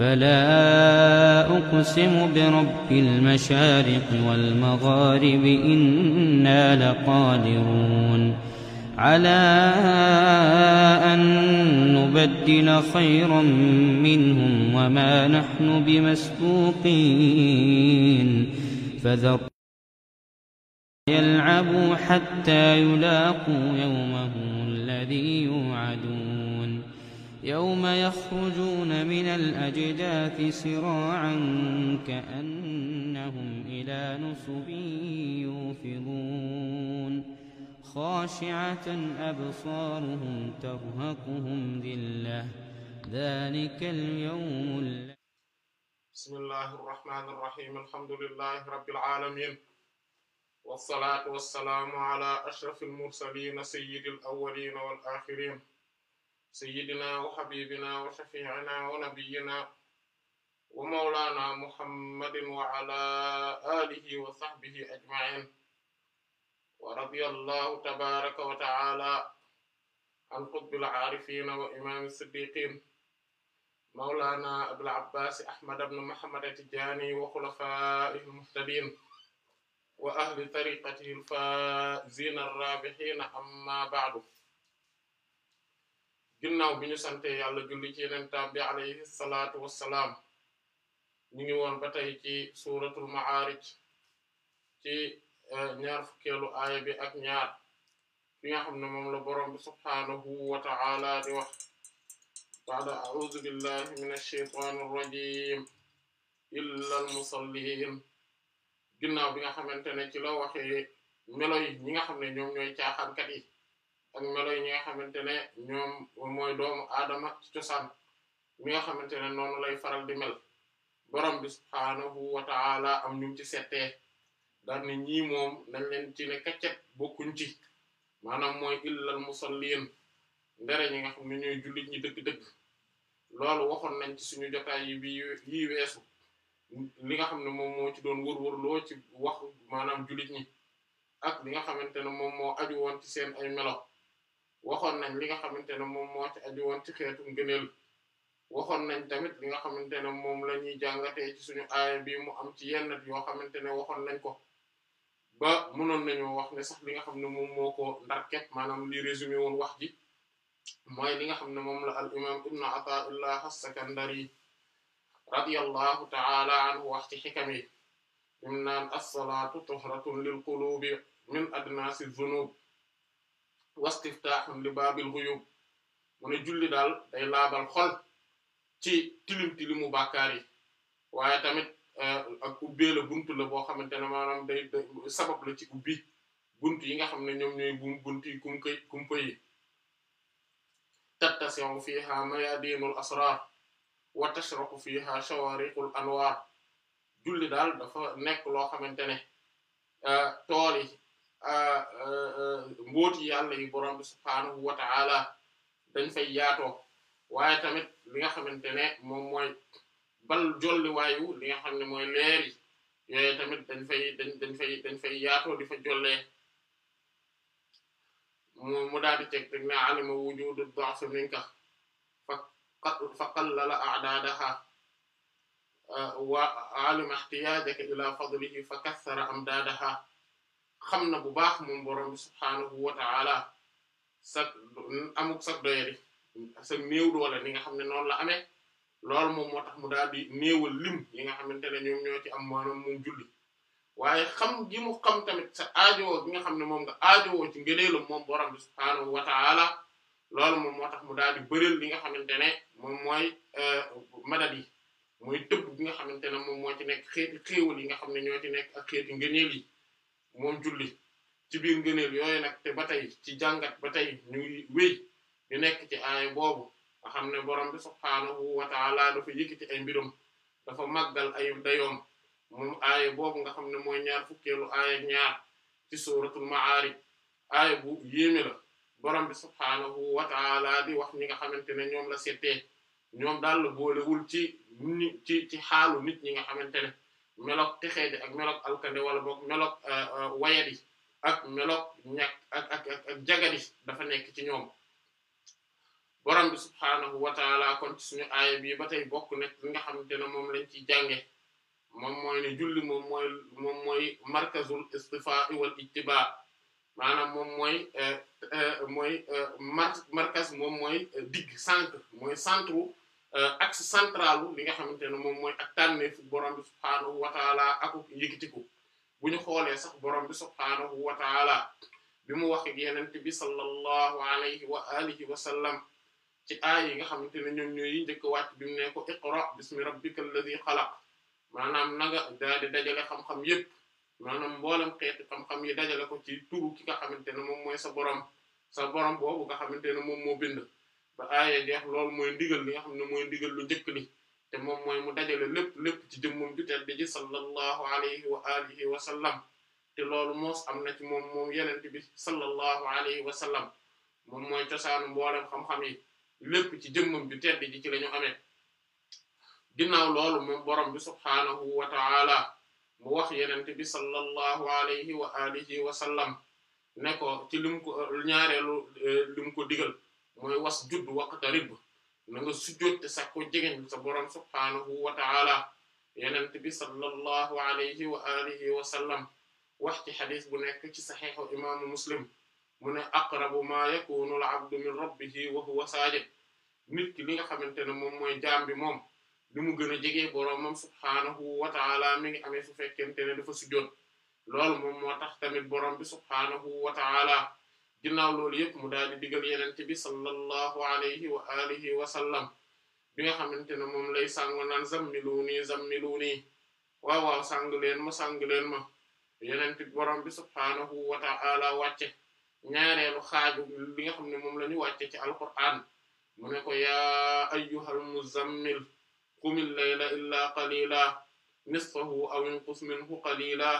فلا أقسم برب المشارق والمغارب إنا لقادرون على أن نبدل خيرا منهم وما نحن بمسبوقين فذر يلعبوا حتى يلاقوا يومهم الذي يوم يوم يخرجون من الأجداث سراعا كأنهم إلى نصب يوفضون خاشعة أبصارهم ترهقهم ذلة ذلك اليوم الذي بسم الله الرحمن الرحيم الحمد لله رب العالمين والصلاة والسلام على أشرف المرسلين سيد الأولين والآخرين sayyidina wa habibina wa shafi'ina wa nabiyyina wa mawlana muhammadin wa ala alihi wa sahbihi ajma'in wa radiyallahu tabaraka wa ta'ala an qutbil aarifina wa imam siddiqin mawlana abul abbas ahmad ibn muhammad at-tijani wa khulafaihi al-muhtadin wa ahli tariqatihi al-faa'izina ar-raabihina amma ba'du ginnaaw bi ñu sante yàlla julli ci yenentam bi alayhi salaatu wassalaam ñu ngi woon ba tey ci suratul ma'arij ci eh, ñaar bi ak ñaar fi nga xam ne moom la boroom bi subhaanahu wa ta'ala di wax ba'da a'udhu billahi minash shaytanir rajim illal musallin ginnaaw bi nga xamante ne ci la waxee melo yi nga xam ne ñoom ñooy caaxaankat yi ak melo yi nga xamante ne ñoom mooy doomu aadama ci cosaan mi nga xamante ne noonu lay faral di mel borom bi subhaanahu wa ta'ala am ñum ci sete daal ne ñii moom nañ leen ci ne kaccet bokkuñ ci maanaam mooy illal musallin ndere ñi nga xam ne ñooy jullit ñi dëgg-dëgg loolu waxoon nañ ci suñu jotaay yi weesu li nga xam ne moom moo ci doon wër-wërloo ci wax maanaam jullit ñi ak li nga xamante ne moom moo aju woon ci seen ay melo waxoon nañ li nga xamante ne moom moo ci aju woon ci xeetu ngëneel waxoon nañ tamit li nga xamante ne moom la ñuy jàngatee ci suñu aaya bi mu am ci yenn yoo xamante ne waxoon nañ ko ba mënoon nañoo wax ne sax li nga xam ne moom moo ko ndar maanaam li résumé woon wax ji mooy li nga xam ne moom la al imam ibnu ataillah as-sakandari radiyallahu ta'ala anhu wax ci xikam yi im naan as-salaatu tuhratun lil qulubi min adnasi dhunub wastiftahun li baabil ghuyub mu julli daal day laabal xol ci tilim tilimu bàkkaar yi tamit eh, ak ubbee la buntu la boo xamante ne maanaam day sabab la ci ubbi bunt yi nga xam ne ñoom ñooy bum bunt yi kum koy kum koy yi tattasi'u fiha mayadinul asrar wa tashrahu fiha shawariqul anwar julli daal dafa nekk loo xamante ne eh, tool yi mbooti yàlla yi borom bi subhaanahu wa ta'ala dañ fay yaatoo tamit li nga xamante ne moom mooy bal jolliwaayu li nga xam ne mooy leer yi yooyu tamit dañ fay dañ dañ di fa jollee mu mu daal di teg alima wujudu da'f minka fa qallala a'dadaha wa alima ihtiyajaka ila fadlihi fa kassara amdadaha xam na bu baax moom borom bi subhaanahu wa ta'ala sa amuk sa doyadi sa néew doole ni nga xam ne noonu la amee loolu moom moo tax mu daal di néewal lim yi nga xamante ne ñoom ñoo ci am maanaam moom julli waaye xam gi mu xam tamit sa aajowoo bi nga xam ne moom nga aajowoo ci ngëneelam moom borom bi subhaanahu wa ta'ala loolu moom moo tax mu daal di bëril li nga xamante ne moom mooy euh, madad yi mooy tëbb bi nga xamante ne moom moo ci nekk xeeti xéewal yi nga xam ne ñoo ci nekk ak xeeti ngëneel yi moom julli ci biir ngëneel yooyu nag te ba tey ci jàngat ba tey ñu nekk ci aaya boobu nga xam ne borom bi subhaanahu wa taala dafa yëkkati ay mbirum dafa màggal ay dayoom nga xam ne mooy ñaar fukkeelu aaya ñaar ci suuratul ma'aarij aaya bu yéeme borom bi subhaanahu wa taala di wax ñi nga xamante ne ñoom la sete ñoom daal la boolewul ci ci ci xaalu nit ñi nga xamante ne melok texeedi ak melok alkade wala boog melok euh, euh, wayadi ak melok ñàkk ak ak jagadi dafa nekk ci ñoom borom bi subhaanahu wa taala kon ci suñu aaya bi ba tey bokk nekk nga xamante ne moom lañ ciy jànge moom mooy ne julli moom mooy moom mooy markazul istifaa wal ittibaa maanaam moom mooy euh, mooy mar markaz moom mooy digg centre mooy centre Euh, axe central li nga xamante ne moom mooy ak tànneef borom bi subhaanahu wa taala ak yëkkatiku bu ñu xoolee sax borom bi subhaanahu wa taala bi mu wax ak yenent bi sallallahu alayhi wa alihi wa sallam ci aay yi nga xamante ne ñoom ñooy yi njëkk wàcc bi mu ne ko iqra bismi rabbika alladhi xalaq maanaam na nga daal di dajale xam-xam yépp maanaam mboolem xeeti xam-xam yi dajale ko ci turu ki nga xamante ne moom mooy sa borom sa borom boobu nga xamante ne moom moo bind ba aaya jeex loolu mooy ndigal li nga xam ne mooy ndigal lu njëkk li te moom mooy mu dajale lépp lépp ci jëmmum ju tedd ji sallallahu alayhi wa alihi wa sallam te loolu moos am na ci moom moom yenent bi sallallahu alayhi wa sallam moom mooy cosaanu mboolem xam-xam yi lépp ci jëmmum ju tedd ji ci la ñu amee ginnaaw loolu moom borom bi subhaanahu wa ta'ala mu wax yenent bi sallallahu alayhi wa alihi wa sallam ne ko ci lim ko ñaareelu eh, lim ko digal mooy was judd waqtarib na nga sujjóot te sax ko sa borom subhaanahu wa ta'ala yenent bi sallallahu alayhi wa alihi wa sallam wax ci xadis bu nekk ci saxiixu imaamu muslim mu ne aqrabu ma yakunu al min rabbihi wa huwa saajid nit ki li nga xamante ne moom mooy jaam bi moom li mu gën a jege boromam subhaanahu wa ta'ala mi ngi amee su fekkente ne dafa sujjóot loolu moom moo tax tamit borom bi subhaanahu wa ta'ala ginnaaw loolu yëpp mu daal di digal yeneen bi sallallahu alayhi wa alihi wa sallam bi nga xamante ne moom lay sàngo naan zammiluni zammiluni waaw waaw sàng leen ma sàng leen ma yeneen borom bi subhaanahu wa ta'ala wàcce ñaareelu xaaju bi nga xam ne moom la ñu wàcce ci alqur'an mu ne ko yaa ayyuhal muzammil qumil layla illa qalila nisfahu aw inqus minhu qalila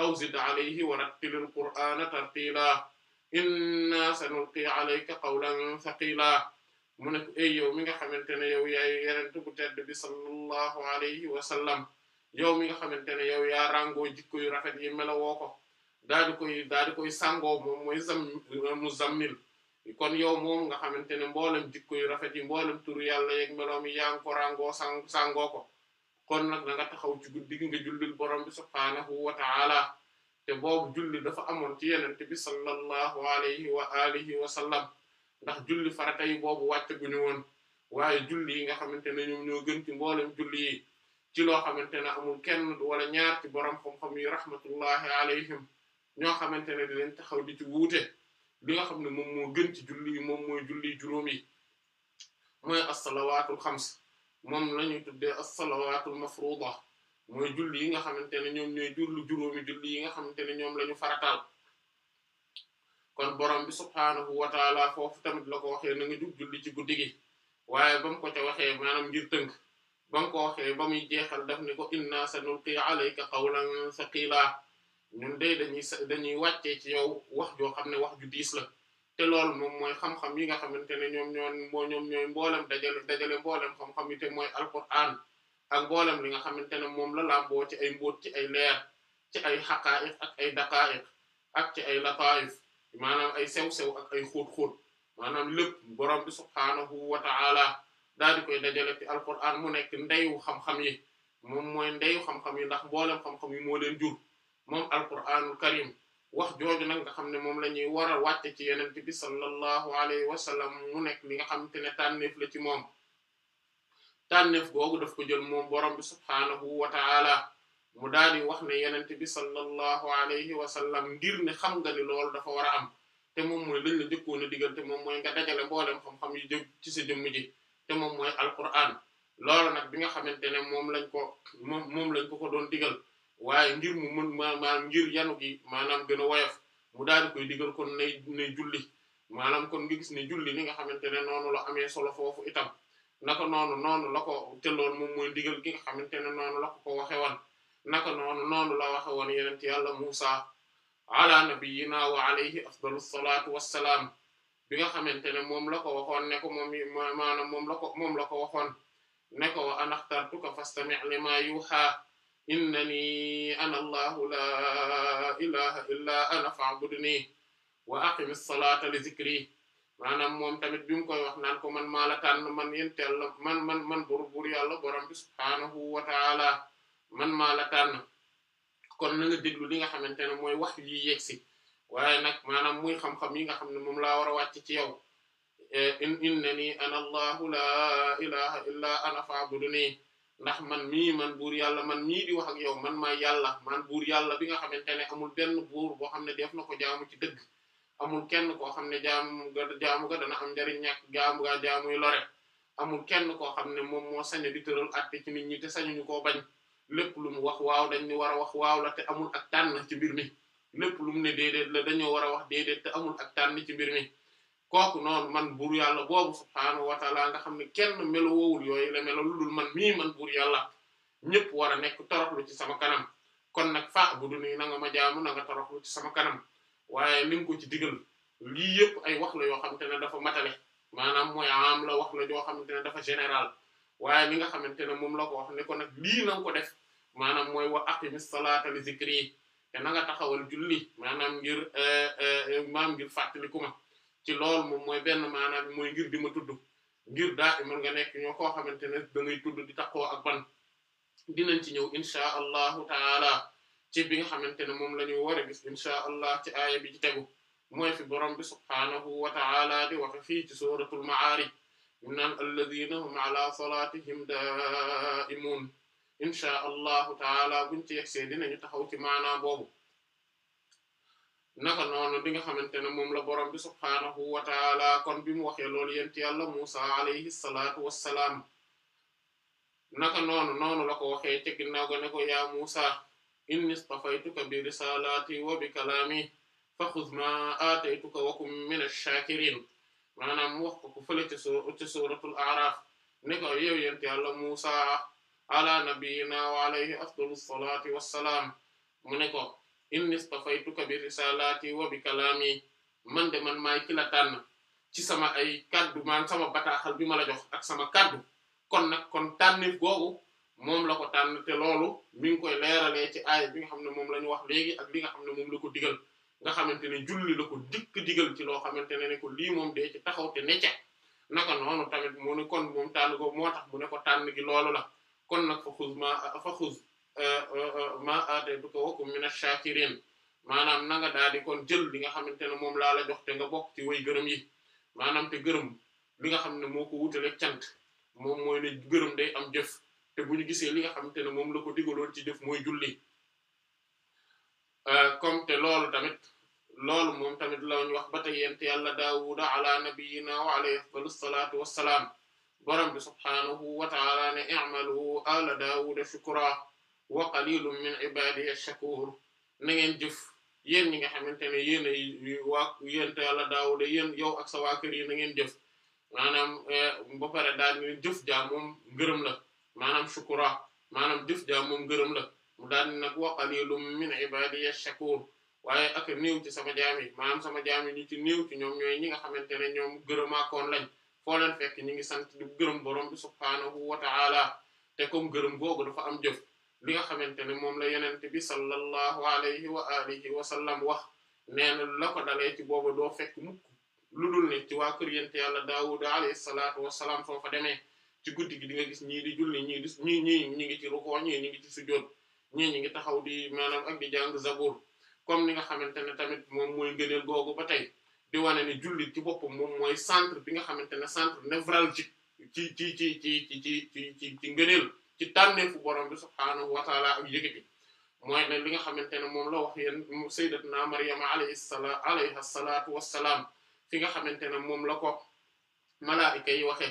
aw zid alayhi wa rattilil qur'ana tartila inna sanulqi alayka qawlan thaqila mu ne ko ay yow mi nga xamante ne yow yaay yenente bu tedd bi sallallahu alayhi wa sallam yow mi nga xamante ne yow yaa ràngoo jikko yu rafet yi mela woo ko daal koy daal di koy sàngoo moom mooy zam mu zammil kon yow moom nga xamante ne mboolem jikko yu rafet yi mboolem turu yàlla yeeg meloom yi yaa ngi ko ràngoo sàng sàngoo ko kon nag da nga taxaw ci guddi nga jullil borom bi subhaanahu wa ta'ala te boobu julli dafa amoon ci yenente bi sallallahu alayhi wa alihi wa sallam ndax julli farata yi boobu wàcc gu ñu woon waaye julli yi nga xamante ne ñoom ñoo gën ci mboolem julli yi ci loo xamante ne amul kenn wala ñaar borom xam-xam yi rahmatullahi alayhim ñoo xamante ne di leen taxaw di ci wuute bi nga xam ne moom moo gën ci julli yi moom mooy julli juróomi yi mooy assalawaatul xams moom lañuy tuddee assalawaatul mafruda mooy julli yi nga xamante ne ñoom ñooy jurlu juróomi julli yi nga xamante ne ñoom la ñu farataal kon borom bi subhaanahu wa taala foofu tamit la ko waxee na nga jug julli ci guddi gi ba mu ko ca waxee maanaam ngir tënk ba mu ko waxee ba muy jeexal daf ne ko inna sanulqi alayka qawlan saqila ñun day dañuy dañuy wàccee ci yow wax joo xam ne wax ju diis la te lool moom mooy xam-xam yi nga xamante ne ñoom ñoon moo ñoom ñooy mboolem dajale dajale mboolem xam-xam yi te mooy alquran ak boolem li nga xamante ne moom la làmboo ci ay mbóot ci ay leer ci ay xaqaa'iq ak ay daqaa'iq ak ci ay lataif maanaam ay sew-sew ak ay xóot-xóot maanaam lépp borom bi subhaanahu wa ta'ala daal di koy dajale ci alquran mu nekk ndeyu xam-xam yi moom mooy ndeyu xam yi ndax mboolem xam-xam yi moo leen jur moom alquranul karim wax jooju nag nga xam ne moom la ñuy war ci wàcce ci yenente bi sallallahu alayhi wa mu nekk li nga xam xamante ne tànneef la ci moom tànneef googu daf ko jël moom borom bi subhaanahu wa ta'ala mu daal di wax ne yenente bi sallallahu alayhi wa sallam ngir ne xam nga ni loolu dafa war a am te moom mooy lañ la jëkkoon a digal te moom mooy nga dajale mboolem xam-xam yu jóg ci sa jëmm ji te moom mooy alquran loolu nag bi nga xamante ne moom lañ ko moom moom lañ ko ko doon digal waaye ngir mu mën maanaam ngir yanu gi maanaam gën a woyof mu di koy digal kon nay nay julli maanaam kon nga gis ne julli ni nga xamante ne noonu la amee solo foofu itam naka noonu noonu la ko te loolu la ko waxe won naka noonu noonu la waxe woon yenent yàlla Musa ala nabiyina wa alayhi afdalu salaatu nga xamante ne moom la ne ko moom moom la moom la ko waxoon ne ko wa ana xtartuka fastami' lima yuha innani ana allahu la ilaha illa ana fa'budni wa aqimi salata zikri maanaam moom tamit bi mu koy wax naan ko man maa la tànn man yenteel la man man man bur bur yàlla borom bi subhaanahu wa taala man maa la tànn kon na nga déglu li nga xamante ne mooy wax yi yegg si waaye nag maanaam muy xam-xam yi nga xam ne moom laa war a wàcc ci yow in innani ana allahu la ilaha illa ana fa'buduni ndax man mii man buur yàlla man mi di wax ak yow man maa yàlla man buur yàlla bi nga xamante ne amul benn buur boo xam ne def na ko jaamu ci dëgg amul kenn koo xam ne jaamu ga jaamu ga dana am njariñ ñàkk jaamu ga jaamuy amul kenn koo xam ne moom moo sañ a di tëral ci nit ñi te ñu koo bañ lépp lu mu wax waaw dañ ni war a wax waaw la te amul ak tànn ci mbir mi lépp lu mu ne déedéet dañoo war a wax déedéet te amul ak tànn ci mbir mi kooku noonu man buur yàlla boobu subhaanahu wa taala nga xam ne kenn melo woowul yooyu la melo lu dul man mii man buur yàlla ñëpp war a nekk toroxlu ci sama kanam kon nag faa bu du nii na nga ma jaamu na nga toroxlu ci sama kanam waaye li nga ko ci digal lii yëpp ay wax la xam xamante ne dafa matale maanaam mooy am la wax la xam xamante ne dafa général waaye li nga xamante ne moom la ko wax ne ko nag lii na nga ko def maanaam mooy wa aqimis salata li zikri te na nga taxawal julli maanaam ngir eh, eh, eh, maam ngir fàttaliku ma ci lool moom mooy benn maanaam mooy ngir di ma tudd ngir daa i mën nga nekk ñoo koo xamante ne da ngay tudd di takkoo ak ban dinañ ci ñëw insha allahu taala ci bi nga xamante ne moom la ñu war a ci aaya bi ci tegu mooy fi borom subhaanahu wa ta'ala di waxe fii ci suratul ma'aarij mu naan alladhina hum ala salatihim daa'imun insha allahu ta'ala buñ ci yegsee dinañu taxaw ci maanaa boobu naka noonu bi nga xamante ne moom la borom bi subhaanahu wa ta'ala kon bi mu waxee loolu yent yàlla Musa alayhi salaatu wassalaam naka noonu la ko waxee ci ginnaaw ga ko yaa Musa inni stafaytuka bi risalati wa bi kalaami fa xuz ma aataytuka wa kun min ash-shakirin maanaam mu wax ku fële ci soo ci suratul ne ko yow yent yàlla Musa ala nabiyina wa alayhi afdalu salati wassalaam mu ne ko inni stafaytuka bi risalati wa bi kalaami man de man maay ki la ci sama ay kaddu man sama bataaxal bi ma la jox ak sama kon nag kon tànnif moom la ko tànn te loolu mi ngi koy leeralee ci aaya bi nga xam ne moom la ñu wax léegi ak li nga xam ne moom la ko digal nga xamante ne julli la ko dikk digal ci loo xamante ne ne ko lii moom dee ci taxaw te necca naka noonu tamit mu ne kon moom tànn ko moo tax mu ne tànn gi loolu la kon nag fa xuz ma fa xuz euh, euh, euh, ma ataytuka wa kun mina shakirin maanaam kon jël li nga xamante ne moom laa la jox te nga bokk ci way gërëm yi maanaam te gërëm li nga xam ne moo ko wutale cant moom mooy ne gërëm day am jëf te bu ñu gisee li nga xamante ne moom la ko digaloon ci jëf mooy julli euh, comme te loolu tamit loolu moom tamit la ñu wax ba tey yent yàlla daawuda ala nabiyina wa alayhi afdalu salaatu wassalaam borom bi subhaanahu wa taala ne i'malu ala daawuda wa qalilun min ibadiya shakur na ngeen jëf yéen ñi nga xamante ne yéen ay waa yent yàlla daawuda yéen yow ak sa waa kër yi ngeen jëf maanaam euh, ba pare daal ñu jëf jaa moom ngërëm la maanaam shukura maanaam jëf jaam moom gërëm la mu daal nag wa qalilum min ibadiya shakur waaye ak néew ci sama jaam yi sama jaam yi ñu ci néew ci ñoom ñooy ñi nga xamante ne ñoom gërëmaakoon lañ foo leen fekk ñi ngi sant di gërëm borom bi subhaanahu wa ta'ala te comme gërëm googu dafa am jëf li nga xamante ne moom la yenente bi sallallahu alayhi wa alihi wa sallam wax nee na la ko dalee ci booba doo fekk mukk lu dul ne ci waa kër yent yàlla daawuda alayhi salaatu wasalaam soo fa demee ci guddi gi di nga gis ñii di julli ñii di ñii ñii ñi ngi ci rukkoo ñii ñi ngi ci sujjóot ñii ñi ngi taxaw di maanaam ak di jàng zabur comme ni nga xamante ne tamit moom mooy gëneel googu ba tey di wana ne jullit ci boppam moom mooy centre bi nga xamante ne centre névralgique ci ci ci ci ci ci ci ci ci ngëneel ci tànneefu borom bi subhaanahu wa taala ak yëkkati mooy ne li nga xamante ne moom la wax yéen sayyidatna Maryam alayhi salaam alayha salaatu wassalaam fi nga xamante ne moom la ko malaayika yi waxe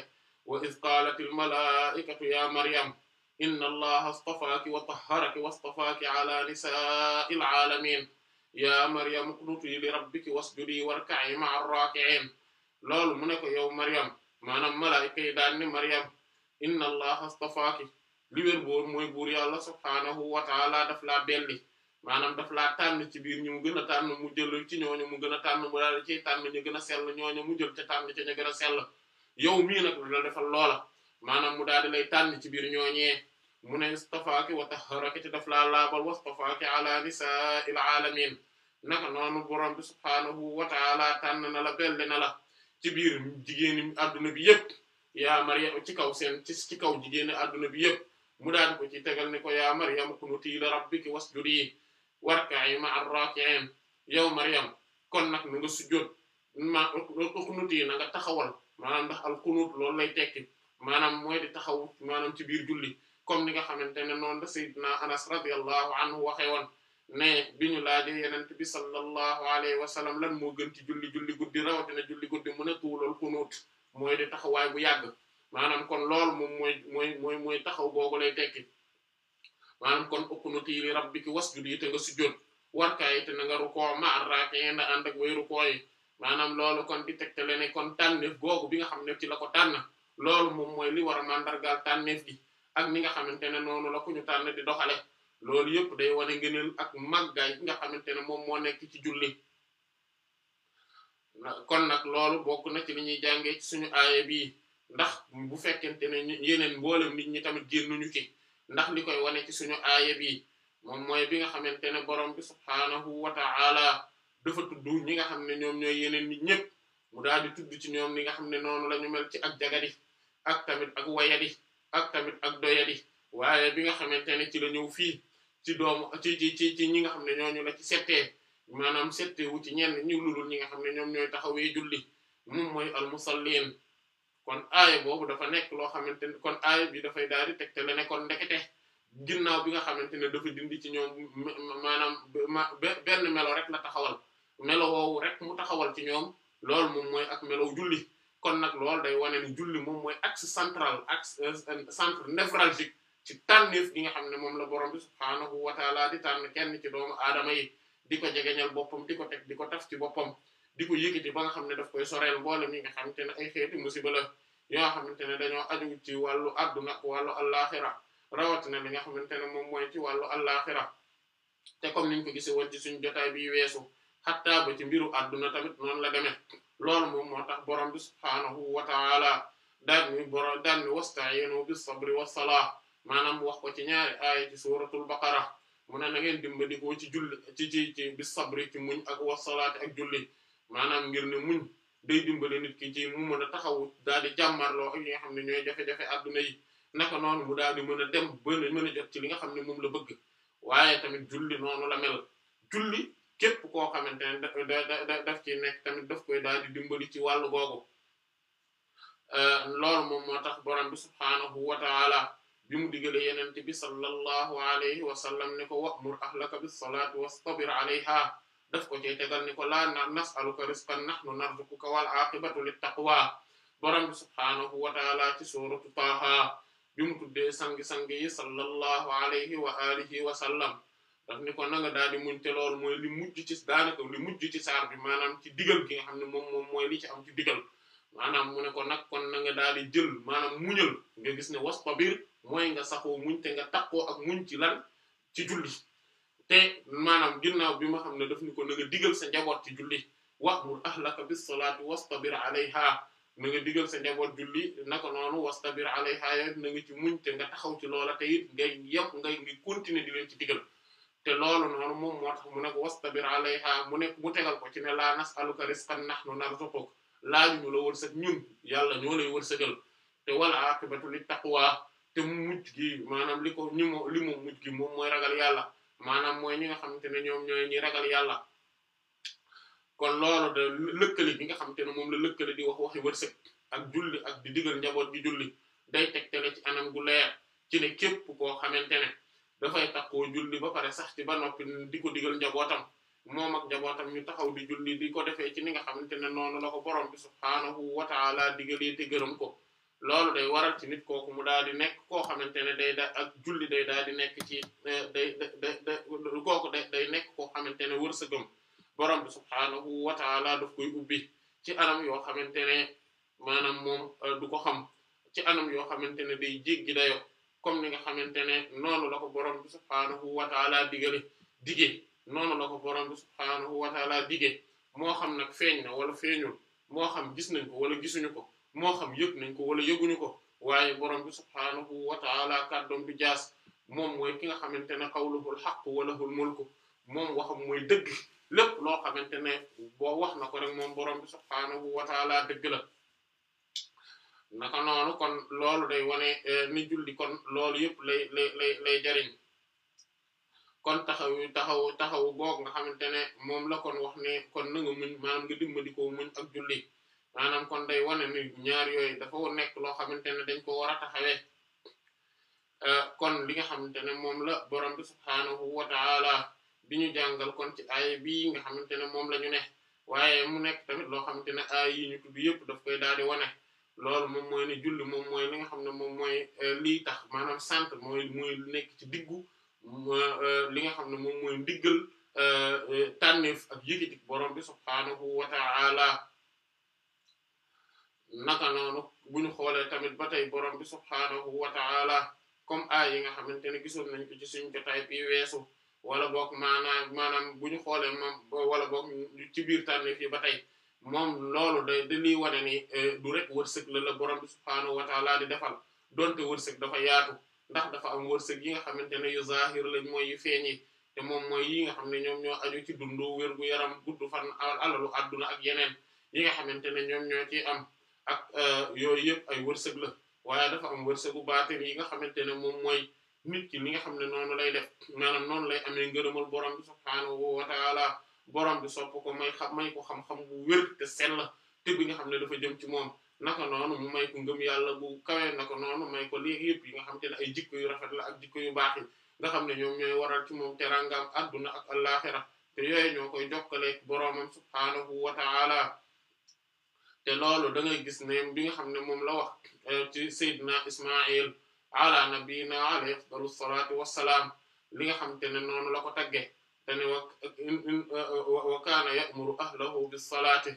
wa iz qaalat al-malaa'ikatu ya maryam inna allaha astafaaki wa tahharaki wa astafaaki ala nisaa'i al-'aalamiin ya maryam uqnutii li rabbiki wasjudii warka'i ma'a ar-raaki'iin loolu mu ne ko yow maryam maanaam malaa'ika yi daan ne maryam inna allaha astafaaki li wér boor mooy buur yàlla subhaanahu wa ta'aala daf laa belli maanaam daf laa tànn ci biir ñu mu gën a tànn mu jël ci ñooñu mu gën a tànn mu daal ci tànn ñu gën a sell ñooñu mu jël ca tànn ca ñu gën a sell yow mii nag la defal loola maanaam mu daal di lay tànn ci biir ñooñee mu ne istafaaki wa tahharaki te daf laa laabal wastafaaki ala nisaa'il aalamiin naka noonu borom bi subhaanahu wa ta'aala tànn na la belle na ci biir jigéeni adduna bi yëpp yaa Maryam ci kaw seen ci kaw jigéeni adduna bi yëpp mu daal di ko ci tegal ne ko yaa Maryam kunutii li rabbiki wasjudii warka'i ma'a raaki'iin yow Maryam kon nag na nga sujjóot ma na nga taxawal maanaam ndax alqunut lool lay tekki maanaam mooy di taxaw maanaam ci biir julli comme ni nga xamante ne noonu la sayyidina anas radiyallahu a waxee woon ne bi ñu laajee yenent bi sallallahu alayhi wa sallam lan moo gën ci julli julli guddi a julli guddi mu ne tuulal qunut mooy di taxawaay bu yàgg maanaam kon lool moom mooy mooy mooy mooy taxaw googu lay tekki maanaam kon uqnuti li rabbiki wasjudi te nga sujjóot warkaay te na nga rukoo ma arraaki ànd ak way rukoo yi maanaam loolu kon di tegtale ne kon tànneef googu bi nga xam ne ci la ko tànn loolu moom mooy li war a mandargaal tànneef gi ak ni nga xamante ne noonu la ku ñu tànn di doxale loolu yëpp day wane ngëneel ak màggaay bi nga xamante ne moom moo nekk ci julli kon nag loolu bokk na ci li ñuy jàngee ci suñu aaya bi ndax bu fekkente ne yeneen mboolem nit ñi tamit génnuñu ki ndax li koy wane ci suñu aaya bi moom mooy bi nga xam ne borom bi subhaanahu wa ta'ala dafa tudd ñi nga xam ne ñoom ñooy yeneen nit ñëpp mu daal di tudd ci ñoom li nga xam ne noonu la ñu mel ci ak jagadi ak tamit ak wayadi ak tamit ak doyadi waaye bi nga xamante ne ci la ñëw fii ci doomu ci ci ci ñi nga xam ne ñooñu la ci maanaam settee wu ci ñenn ñu lulul ñi nga xam ne ñoom ñooy taxawee julli moom mooy almusallin kon aaya boobu dafa nekk loo xamante ne kon aaya bi dafay daal di tegte la nekkoon ndekete ginnaaw bi nga xamante ne dafa dindi ci ñoom maanaam benn melo rek la taxawal melo rek mu taxawal ci ñoom loolu moom mooy ak melow julli kon nag lool day wane ni julli moom mooy axe central axe euh, centre névralgique ci tànneef gi nga xam ne moom la borom bi subhaanahu wa taala di tànn kenn ci doomu aadama yi di ko jegeñal boppam di ko teg di ko taf ci boppam di ko yëkkati ba nga xam ne daf koy soreel boole mi nga xam ne ay xeeti musiba la yoo xamante ne dañoo aju ci wàllu adduna wàllu allaaxira rawatina li nga xamante ne moom mooy ci wàllu allaaxira te comme niñ ko gisee woon ci suñu jotaay bi weesu xattaa ba ci mbiru adduna tamit noonu la demee loolu moom moo tax borom bi subhaanahu wa ta'ala daan ni borom daan ni wasta'inu bis sabri was salah maanaam wax ko ci ñaari aaya ci suratul baqara mu ne na ngeen dimbalikoo ci julli ci ci ci bis ci muñ ak was salaati ak julli maanaam ngir ne muñ day dimbali nit ki ci mu mën a taxawu daal di jàmmarloo ak ñi nga xam ne ñooy jafe-jafe adduna yi naka noonu mu daal di mën a dem ba mën a jot ci li nga xam ne moom la bëgg waaye tamit julli noonu la mel julli képp koo xamante ne da daf ci nekk tamit daf ci wàllu googu euh, loolu moom moo tax borom bi subhaanahu wa ta'ala bi mu digale yenent bi sallallahu alayhi wa sallam ne ko wa'mur ahlaka bis-salati wastabir alayha daf ko cee tegal ni ko la nas'aluka rizqan nahnu narzuquka wal aqibatu lit-taqwa borom subhaanahu wa ta'ala ci suratu Taha bi mu tuddee sangi-sangi yi sallallahu alayhi wa alihi wa sallam daf ni ko nanga daal di muñ te loolu mooy li mujj ci daanaka li mujj ci saar bi maanaam ci digal gi nga xam ne moom moom mooy li ci am ci digal maanaam mu ko nag kon na nga daal di jël maanaam muñal nga gis ne was wastabir mooy nga saxoo muñ te nga takkoo ak muñ ci lan ci julli te maanaam ginnaaw bi ma xam ne daf ni ko na nga sa njaboot ci julli wa'mur ahlaka bis salaati wastabir alayha na nga digal sa njaboot julli naka noonu wastabir alayha na nga ci muñ te nga taxaw ci loola te it ngay yem ngay continuer di leen ci digal te loolu noonu moom moo tax mu ne ko wastabir alayha mu tegal ko ci ne laa nas'aluka rizqan nahnu narzuquk laaj ñu la wërsëg ñun yàlla ñoo lay wërsëgal te wal aqibatu lit taqwa te mujj gi maanaam li ko ñi moo li moom mujj gi moom mooy ragal yàlla maanaam mooy ñi nga xamante ne ñoom ñooy ñi ragal yàlla kon loolu de lëkkale bi nga xamante ne moom la lëkkale di wax waxi wërsëg ak julli ak di digal njaboot gi julli day tegtale ci anam gu leer ci ne képp koo xamante ne dafay takkoo julli ba pare sax ci ba noppi di ko digal njabootam moom ak njabootam ñu taxaw di julli di ko defee ci ni nga xamante ne noonu la ko borom bi subhaanahu wa taala digalee te gërëm ko loolu day waral ci nit kooku mu daal di nekk koo xamante ne day da ak julli day daal di nekk ci eh, day kooku day day nekk koo xamante ne wërsëgam borom bi subhaanahu wata taala daf koy ubbi ci anam yoo xamante ne maanaam moom eh, du ko xam ci anam yoo xamante ne day jéggi yo comme ni nga xamante ne noonu la ko borom bi subhaanahu wa taala digale digee noonu la ko borom bi subhaanahu wa taala digee moo xam nag feeñ na wala feeñul moo xam gis nañ ko wala gisuñu ko moo xam yëg nañ ko wala yëguñu ko waaye borom bi subhaanahu wa taala kàddoom bi jaas moom ki nga xamante ne qawluhul haqq wa lahul mulku moom waxam mooy dëgg lépp loo xamante ne boo wax na ko rek moom borom bi subhaanahu wa taala dëgg la naka noonu kon loolu day wane eh, ni julli kon loolu yëpp lay lay jariñ kon taxaw taxaw taxawu boog nga xamante ne moom la kon wax ne kon na nga muñ maanaam nga dimbali ko muñ ak julli maanaam kon day wane ni ñaar yooyu dafa nekk loo xamante ne dañ ko war a taxawee eh, kon li nga xamante ne moom la borom bi subhaanahu wa ta'ala bi ñu jàngal kon ci aaya bi nga xamante ne moom lañu ñu ne waaye mu nekk tamit loo xamante ne aaya yi ñu tudd yëpp daf koy daal di wone loolu moom mooy ne julli moom mooy li nga xam ne moom mooy euh, lii tax maanaam centre mooy mooy nekk ci diggu euh, li nga xam ne moom mooy ndiggal euh, tànneef ak yëgitik borom bi subhaanahu wa ta'ala naka noonu bu ñu xoolee tamit ba tey borom bi subhaanahu wa ta'ala comme ay yi nga xamante ne gisoon nañ ko ci suñu jotaay bi weesu wala boog maanaam maanaam bu ñu xoolee moom wala boog ci biir tànneef yi ba tey moom loolu da dañuy wane ni eh, du rek wërsëg la la borom bi subhaanahu wa di defal donte wërsëg dafa yaatu ndax dafa am wërsëg yi nga xamante ne yu zahir lañ mooy yu feeñ yi te moom mooy yi nga xam ne ñoom ñoo aju ci dundu wér gu yaram gudd fan alalu adduna ak yeneen yi nga xamante ne ñoom ñoo ciy am ak eh, yooyu yëpp ay wërsëg la waaye dafa am wërsëgu baatin yi nga xamante ne moom mooy nit ki nga xam ne noonu lay def maanaam noonu lay amee ngërëmal borom bi subhaanahu borom bi sopp ko may xam may ko xam-xam bu wér te sell te bi nga xam ne dafa jëm ci moom naka noonu mu may ko ngëm yàlla bu kawee naka noonu may ko léegi yëpp yi nga xam te ne ay jikko yu rafet la ak jikko yu baax yi nga xam ne ñoom ñooy waral ci moom teraangaam adduna ak allaaxira te yooyu ñoo koy jokkaleeg boroomam subhaanahu wa ta'ala te loolu da ngay gis ne bi nga xam ne moom la wax euh, ci Seydina Ismail ala nabiyina alayhi afdalu wassalaam li nga xam te ne noonu la ko tagge tani wa kaana ya'muru ahlahu bis-salaati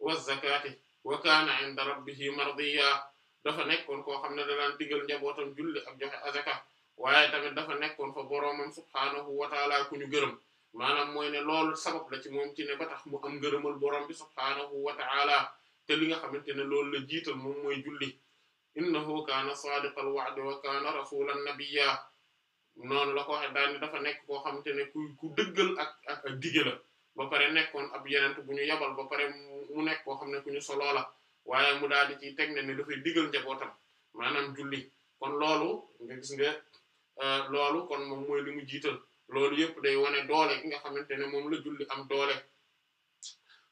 waz-zakaati wa kaana 'inda rabbihi mardiyya dafa nekkoon koo xam ne da daan digal njabootam julli ak joxe azaka waaye tamit dafa nekkoon fa boroomam subhaanahu wa ta'aala ku ñu gërëm maanaam mooy ne loolu sabab la ci moom ci ne ba tax mu am ngërëmal borom bi subhaanahu wa ta'aala te li nga xamante ne loolu la jiital moom mooy julli innahu kaana saadiqal wa'di wa kaana rasuulan nabiyya noonu la ko waxee daal dafa nekk koo xamante ne ku ku dëggal ak ak la ba pare nekkoon ab yenent bu ñu yabal ba pare mu nekk koo xam ne ku ñu soloo la waaye mu daal di ciy teg ne ne dafay digal njabootam maanaam julli kon loolu nga gis nga euh, loolu kon moom li mu jiital loolu yëpp day wane doole ki nga xamante ne moom la julli am doole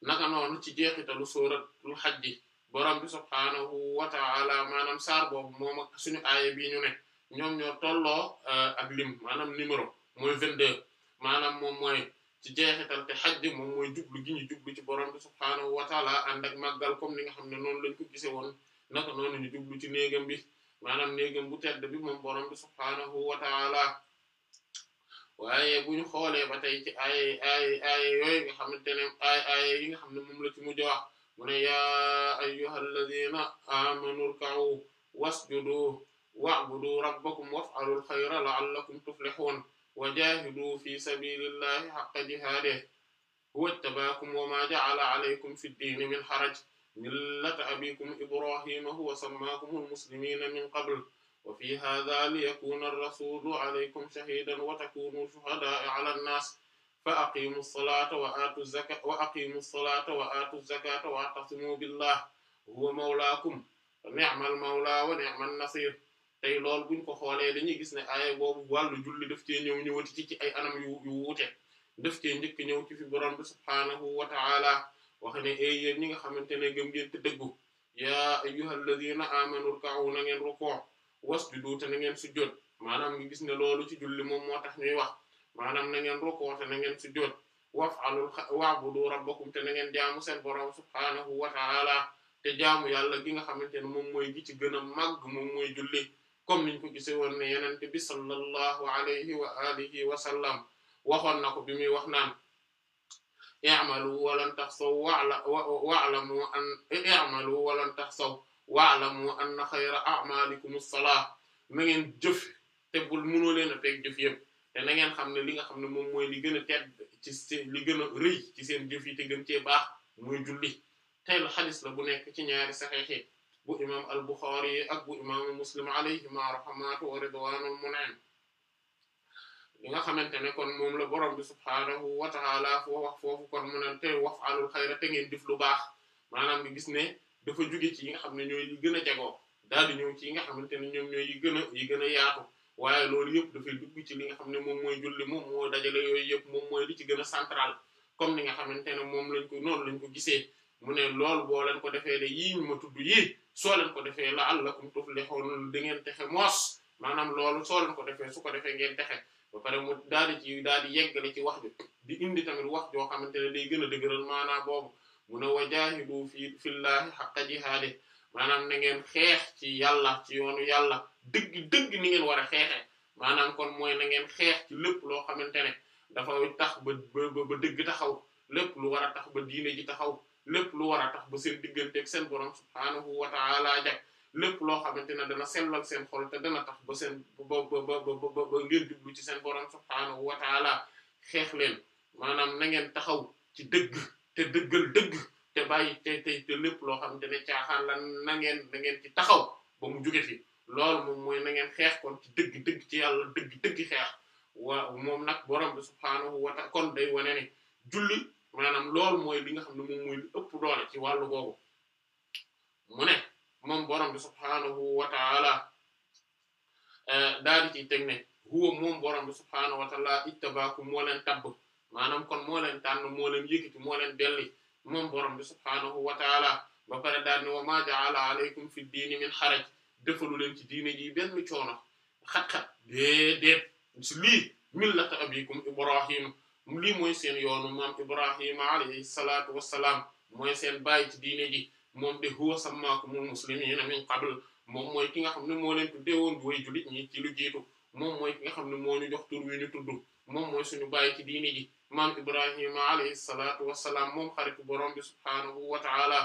naka noonu ci jeexitalu sóoratul xaj ji borom bi subhaanahu wa ta'ala saar boobu moom ak suñu aaya bii ñu ne ñoom ñor tolloo euh, ak lim maanaam numéro mooy 22 maanaam moom mooy ci jeexital te xajj moom mooy jublu gi ñu jublu ci borom bi subhaanahu wa taala ànd ak màggal comme ni nga xam ne noonu lañ ko woon naka noonu ñu jublu ci néegam bi maanaam néegam bu tedd bi moom borom bi subhaanahu wa taala waaye bu ñu xoolee ba tey ci ay ay ay yooyu nga xamante ne ay ay yi nga xam ne moom la ci mujj wax mu ne yaa ayyuhal ladina amanu rka'u wa'budu rabbakum waf'alul khayra la'allakum tuflihun wa jahidu fi sabilillahi haqqa jihadihi huwa ijtabaakum wa ma ja'ala alaykum fi ddini min haraj millata abikum ibrahima huwa sammaakumul muslimina min qabl wa fi hadha liyakuna ar-rasulu alaykum shahidan wa takunu shuhada'a 'ala an-nas fa aqimu as-salata wa atu az-zakata wa aqimu as-salata wa atu az-zakata wa i'tasimu billah huwa mawlaakum fa ni'mal mawla wa ni'man nasir tey loolu buñ ko xoolee dañuy gis ne aaya boobu wàllu julli daf cee ñëw ñëwati ci ci ay anam yu yu wuute daf cee njëkk ñëw ci fi borom bi subhaanahu wa ta'ala wax ne ay yéen ñi nga xamante ne gëm ngeen te dëggu yaa ayyuhal ladhina amanu ruk'u na ngeen rukoo wasjudu te na ngeen sujjóot maanaam nga gis ne loolu ci julli moom moo tax ñuy wax maanaam na ngeen rukoo te na ngeen sujjóot waf'alul wa'budu rabbakum te na ngeen jaamu seen borom subhaanahu wa ta'ala te jaamu yàlla gi nga xamante ne moom mooy gi ci gën a màgg moom mooy julli comme ñu ko gisee woon ne yenente bi sallallahu alayhi wa alihi wa sallam waxoon na ko bi muy wax naan i'malu walan tahsaw wa'lamu an i'malu walan tahsaw wa'lamu anna xayra a'malikum as-salah na ngeen jëf te bul mënoo leen a teg jëf yëpp te na ngeen xam ne li nga xam ne moom mooy li gën a tedd ci seen li gën a rëy ci seen jëf yi te gën cee baax mooy julli tey xadis la bu nekk ci ñaari saxiix bu imam al buxaari ak bu imaamu muslim alayhima rahmatu wa ridwanul mun'im li nga xamante ne kon moom la borom bi subhaanahu wa ta'ala foo wax foofu kon mu ne te wax alul xayra te ngeen def lu baax maanaam nga gis ne dafa jóge ci yi nga xam ne ñooy yi gën a jagoo daal di ñëw ci yi nga xamante ne ñoom ñooy yi gën a gën a yaatu waaye loolu yëpp dafay dugg ci li nga xam ne moom mooy julli moom moo dajale yooyu yëpp moom mooy li ci gën a central comme ni nga xamante moom lañ ko noonu lañ ko gisee mu ne loolu boo leen ko defee de yii ñu ma tudd yii soo leen ko defee la allakum tuflihun di ngeen texe moos maanaam lool soo leen ko defee su ko defee ngeen texe ba pare mu daal di ci daal di yeggale ci wax bi di indi tamit wax joo xamante ne day gën a dëgëral maanaam boobu mu ne wajaahidu fi fillahi haqqa jihaadi maanaam na ngeen xeex ci yàlla ci yoonu yàlla dëgg dëgg ni ngeen war a xeexee maanaam kon mooy na ngeen xeex lépp loo xamante ne dafa tax ba ba ba dëgg taxaw lépp lu war a tax ba diine ji taxaw lépp lu war a tax ba seen digganteeg seen borom subhaanahu wa ta'ala jag lépp loo xamante ne dana sellal seen xol te dana tax ba seen bo ba bo bo ngeen jublu ci seen borom subhaanahu wa ta'ala xeex leen maanaam na ngeen taxaw ci dëgg te dëggal dëgg te bàyyi te te lépp loo xamante ne caaxaan la na nangeen na ngeen ci taxaw ba mu jóge fi loolu moom mooy na ngeen xeex ci dëgg dëgg ci yàlla dëgg dëgg xeex waa moom nag borom bi subhaanahu wa ta'ala kon day wane julli maanaam loolu mooy li nga xam ne moom mooy ëpp doole ci wàllu googu mu ne moom borom bi subhaanahu wa ta'ala eh, daal di ciy huwa moom borom bi subhaanahu wa ta'ala ittabaakum moo leen tabb maanaam kon moo leen tànn moo leen yëkkati moo leen delli moom borom bi subhaanahu wa ta'ala ba pare daal ne wa ma ja'ala alaykum fi diini min xaraj defalu leen ci diine ji benn coono xat-xat déedéet si lii millata abikum ibrahim lii mooy seen yoonu maam Ibrahima alayhi salaatu wassalaam mooy seen bàyyi ci ji moom de huwa sammaakumul muslimiina min qabl moom mooy ki nga xam ne moo leen tuddee woon way jullit ci lu jiitu moom mooy ki nga xam ne moo ñu jox tur wi tudd moom mooy suñu bàyyi ci diine ji maam Ibrahima alayhi salaatu wassalaam moom xaritu borom bi subhaanahu wa ta'ala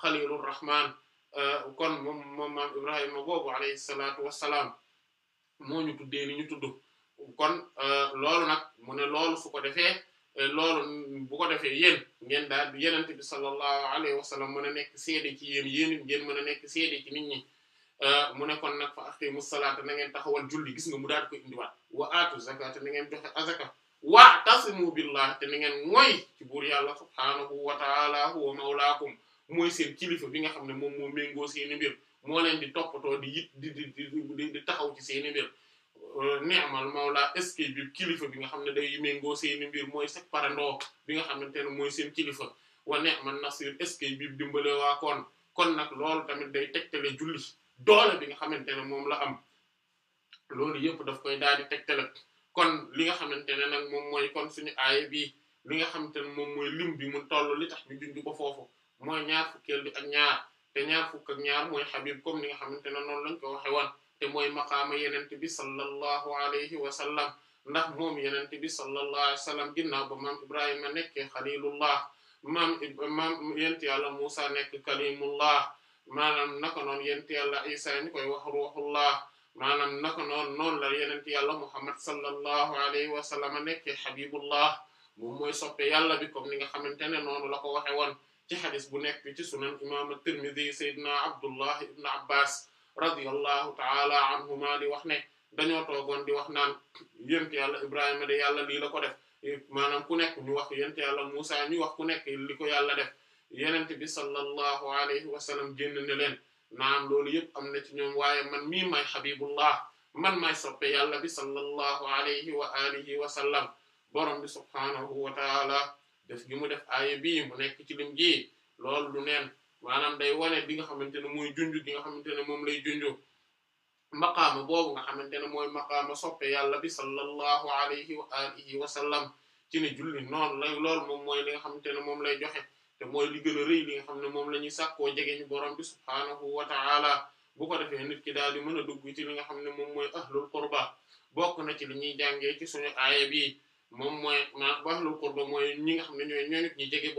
xalilur rahmaan euh, kon moom moom maam Ibrahima boobu alayhi salaatu wassalaam moo ñu ñu tudd. kon euh, loolu nag mu ne loolu su ko defee euh, loolu bu ko defee yéen ngeen daal yeneen yenente bi sallallahu alayhi wa sallam mën a nekk seede ci yéen yéen ngeen mën a nekk seede ci nit ñi euh, mu ne kon nag fa aqimu salaata na ngeen taxawal julli gis nga mu daal di koy indiwaat wa aatu zakata na ngeen joxe azaka wa tasimu billah te na ngeen moy ci buur yàlla subhaanahu wa ta'ala mawlaakum mooy seen kilifa bi nga xam ne moom moo méngoo seeni mbir moo leen di toppatoo di yit di di di di taxaw ci seeni mbir ni'mal mawla est-ce que bi kilifa bi nga xam ne day méngoo seeni mbir mooy sa parandoo bi nga xamante ne mooy seen kilifa wa ni'man nasir est-ce que bi dimbale waa koon kon nag loolu tamit day tegtale julli doole bi nga xamante ne moom la am loolu yëpp daf koy daal di tegtale kon li nga xamante ne nag moom mooy kon suñu aaya bi li nga xamante ne moom mooy lim bi mu toll li tax ñu junj ko foofu mooy ñaar fukkeel bi ak ñaar te ñaar fukk ak ñaar mooy Habib comme ni nga xam ne noonu lañ ko waxe woon te mooy maqaama yenente bi sallallahu alayhi wa sallam ndax moom yenente bi sallallahu alayhi wa sallam ginnaaw ba maam ibrahima nekkee xalilullah maam maam yent yàlla muusa nekk kalimullah maanaam naka noon yent yàlla isa ni koy wax ruhullah maanaam naka noon noonu la yenent yàlla muhammad sallallahu alayhi wa sallam nekkee habibullah moom mooy soppe yàlla bi comme ni nga xamante ne noonu la ko waxe woon xadis bu nekk ci sunan imam at-Tirmidhi sayyidina abdullah ibn abbas radiyallahu ta'ala anhuma di wax ne dañoo toogoon di wax naan yent yàlla Ibrahima de yàlla lii la ko def maanaam ku nekk ñu wax yent yàlla Musa ñu wax ku nekk li ko yàlla def yenent bi sallallahu alayhi wa sallam génn ne leen naam loolu yëpp am na ci ñoom waaye man mii may habibullah man may soppe yàlla bi sallallahu alayhi wa alihi wa sallam borom bi subhaanahu wa taala def gi mu def aaya bii mu nekk ci lim ji loolu du maanaam day wane bi nga xamante ne mooy junj gi nga xamante ne moom lay junjoo maqaama boobu nga xamante ne mooy maqaama soppe yàlla bi sallallahu alayhi wa alihi wa sallam ci ne julli noonu la loolu moom mooy li nga xamante ne moom lay joxe te mooy li gën li nga xam ne moom la ñuy sàkkoo jege ñu borom bi subhaanahu wa ta'ala bu ko defee nit ki daal di mën a dugg ci li nga xam ne moom mooy ahlul qurba bokk na ci li ñuy jàngee ci suñu aaya bi moom mooy ma ahlul qurba mooy ñi nga xam ne ñooy ñooñu ñi jege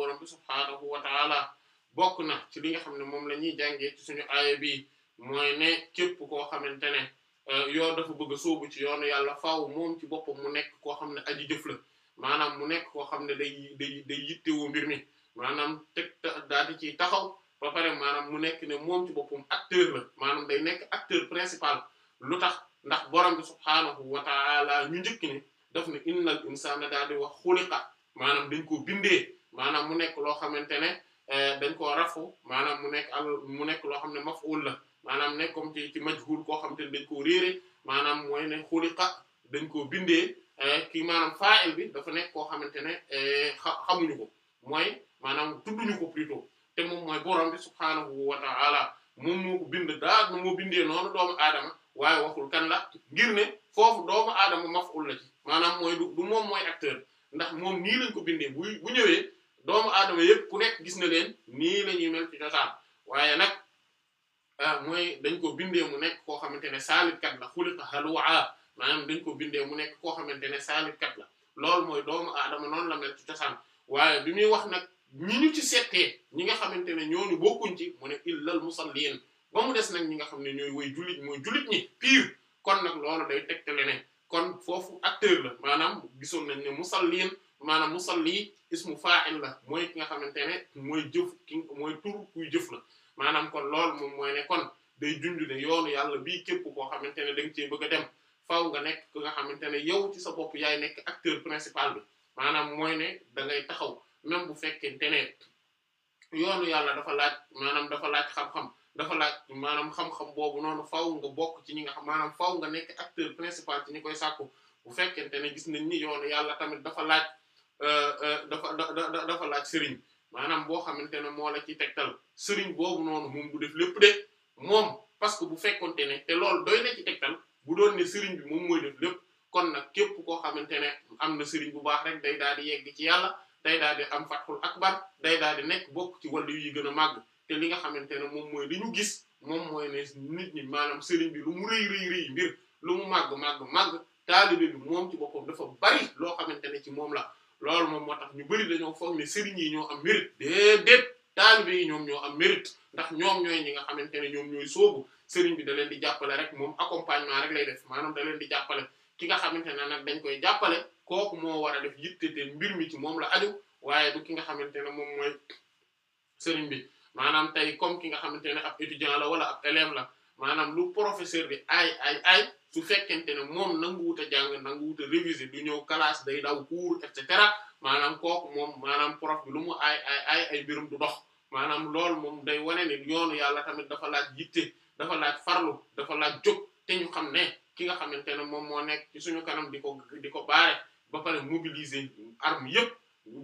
bokk na ci li nga xam ne moom la ñuy jàngee ci suñu aaya bi mooy ne képp koo xamante ne euh, yoo dafa bëgg a ci yoonu yàlla faw moom ci boppam mu nekk koo xam ne aji jëf la maanaam mu nekk koo xam ne day day day yittewoo mbir mi maanaam teg daal di ciy taxaw ba pare maanaam mu nekk ne moom ci boppam acteur la maanaam day nekk acteur principal lu tax ndax borom bi subhaanahu wa ñu njëkk ne daf ne innal insaana daal di wax xuliqa maanaam dañ ko bindee maanaam mu nekk loo xamante ne Eh, dañ koo rafu maanaam mu nekk al mu nekk loo xam ne maf'ul la maanaam nekk comme ci ci majhul koo xam te ne dañ koo réere maanaam mooy ne xuliqa dañ ko bindee eh, ki maanaam fa'il bi dafa nekk koo xamante ne eh, xamuñu ko mooy maanaam tudduñu ko plutôt te moom mooy borom bi subhaanahu wa ta'ala moom moo ko bind daal bindee noonu doomu aadama waaye waxul kan la ngir ne foofu doomu aadama maf'ul la ci maanaam mooy du moom mooy acteur ndax moom nii lañ ko bindee bu bu ñëwee doomu aadama yëpp ku nekk gis na leen nii la ñuy mel ci cosaan waaye nag ah, mooy dañ ko bindee mu nekk koo xamante ne saalitkat la xuliqa halwa maanaam dañ ko bindee mu nekk koo xamante ne saalitkat la lool mooy doomu aadama noonu la mel ci cosaan waaye bi muy wax nag ñi ñu ci settee ñi nga xamante ne ñooñu bokkuñ ci mu ne illal musallin ba mu des nag ñi nga xam ne ñooy woy jullit mooy jullit ñi pire kon nag loolu day tegtale ne kon foofu acteur la maanaam gisoon nañ ne musallin maanaam musalli ismu fa'il la mooy ki nga xamante ne mooy jëf ki mooy tur kuy jëf la maanaam kon lool moom mooy ne kon day junj ne yoonu yàlla bii képp koo xamante ne da nga dem faaw nga nekk ki nga xamante ne yow ci sa bopp yaay nekk acteur principal maanaam mooy ne da ngay taxaw même bu fekkente ne yoonu yàlla dafa laaj maanaam dafa laaj xam-xam dafa laaj maanaam xam-xam boobu noonu faw nga bokk ci ñi nga xam maanaam faaw nga nekk acteur principal ci ñi koy sàkku bu fekkente ne gis nañ ni yoonu yàlla tamit dafa laaj. Euh, euh, dafa dafa laaj sëriñ maanaam boo xamante ne moo la ci tegtal sëriñ boobu noonu moom def lépp de moom parce que bu fekkonte ne te loolu doy bu doon ne sëriñ bi moom mooy def kon nag képp koo xamante ne am na sëriñ bu baax rek day daal di yegg ci yàlla day daal di am fatxul akbar day daal di nekk bokk ci wàllu yi gën a màgg li nga xamante ne moom li ñu gis moom mooy ne nit ñi maanaam sëriñ bi lu mu rëy rëy rëy mbir lu mu màgg màgg màgg taalibe bi moom ci boppam dafa bari loo xamante ne ci moom la loolu moom moo tax ñu bari dañoo foog ne sëriñ yi ñoo am mérite déedéet taalibe yi ñoom ñoo am mérite ndax ñoom ñooy ñi nga xamante ne ñoom ñooy sóobu sëriñ bi da leen di jàppale rek moom accompagnement rek lay def maanaam da leen di jàppale ki nga xamante ne nag dañ koy jàppale kooku moo war a def yitte te mbir mi ci moom la aju waaye du ki nga xamante ne moom mooy sëriñ bi maanaam tey comme ki nga xamante ne ab étudiant la wala ab élève la maanaam lu professeur bi ay ay ay su fekkente ne moom nanguwut a jàng nanguwut a réviser du ñëw classe day daw cours et cetera maanaam kooku moom maanaam prof bi lu mu ay ay ay ay mbirum du dox maanaam loolu moom day wane ne yoonu yàlla tamit dafa laaj yitte dafa laaj farlu dafa laaj jóg te xam ne ki nga xamante ne moom moo nekk ci suñu kanam di ko di ko baare ba pare mobiliser arme yëpp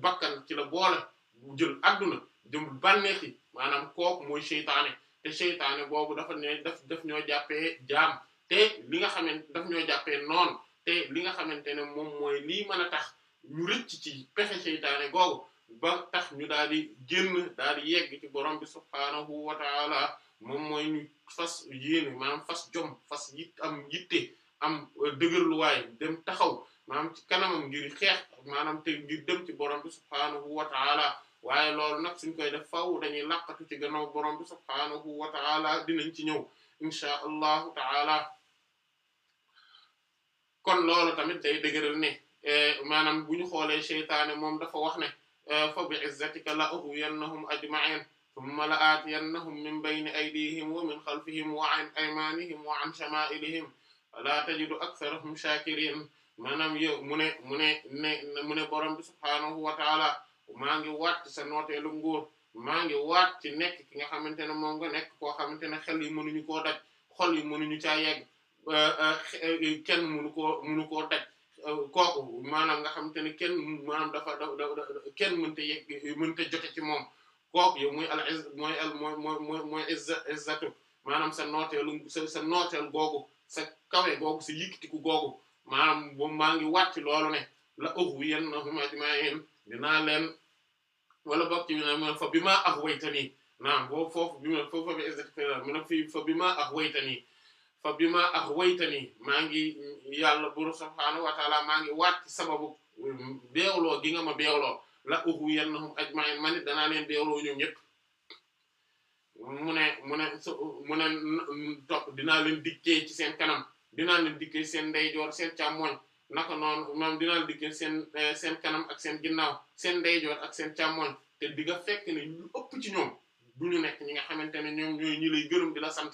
bakkan ci la boole bu jël adduna jëm bànneex yi maanaam kooku mooy seytaane te seytaane boobu dafa ne daf ñoo jàppee jaam te li nga xamante daf ñoo jàppee noonu li nga xamante ne moom mooy lii mën a tax ñu rëcc ci pexe seytaane googu ba tax ñu daal di génn daal di yegg ci borom bi subhaanahu wa taala moom mooy ñu fas yéene maanaam fas jom fas yit am yitte am dëgërluwaay dem taxaw maanaam ci kanamam ngir xeex maanaam te ngir dem ci borom bi subhaanahu wa taala waaye loolu nag suñ koy def faw dañuy làqatu ci gannaaw borom bi subhaanahu wa taala dinañ ci ñëw inchaa allahu taala kon lool tamit day dëgëral ne eh, maanaam bu ñu xoolee seytaane moom dafa wax ne eh, fa bi izzatika la ughwiyannahum ajma'in thumma la aatiyannahum min bayni aydihim wa min xalfihim wa an aymanihim wa an shama'ilihim la tajidu aktharahum shakirin maanaam yow mu ne mu ne ne mu ne borom subhaanahu wa taala maa ngi waat sa nooteelu nguur maa ngi waat ci nekk ki nga xamante ne moom nga nekk koo xamante ne xel yi mënuñu koo daj xol yi mënuñu caa Euh, euh, kenn mënu koo mënu koo teg euh, kooku maanaam nga xamante ne kenn maanaam dafa da kenn mënta yegg mënta jote ci moom kooku yow muy al izz mooy mooy mooy mooy maanaam sa nooteelu sa nootel nooteel googu sa kawe googu sa yëkkatiku googu maanaam moom maa ngi wàcc loolu ne la ëpp yenn xuma ajma'in dinaa leen wala bokk ci ma fa bi maa aghwaytani naam boobu foofu bi ma foofu fa fa bima aghwaytani maa ngi yàlla buru subhaanahu wa maa ngi waat ci sababu beewloo gi nga ma beewloo la ughwiyannahum ajma'in man danaa leen beewloo ñoom ñëpp mu ne mu ne topp dinaa leen dikkee ci seen kanam dinaa leen dikkee seen ndeyjoor seen càmmoñ naka noon moom dinaa leen dikkee seen eh, seen kanam ak seen ginnaaw seen ndeyjoor ak seen càmmoñ te di fekk ne ñu ëpp ci ñoom du ñu nekk ñi nga xamante ne ñoom ñooy ñi lay gërëm di la sant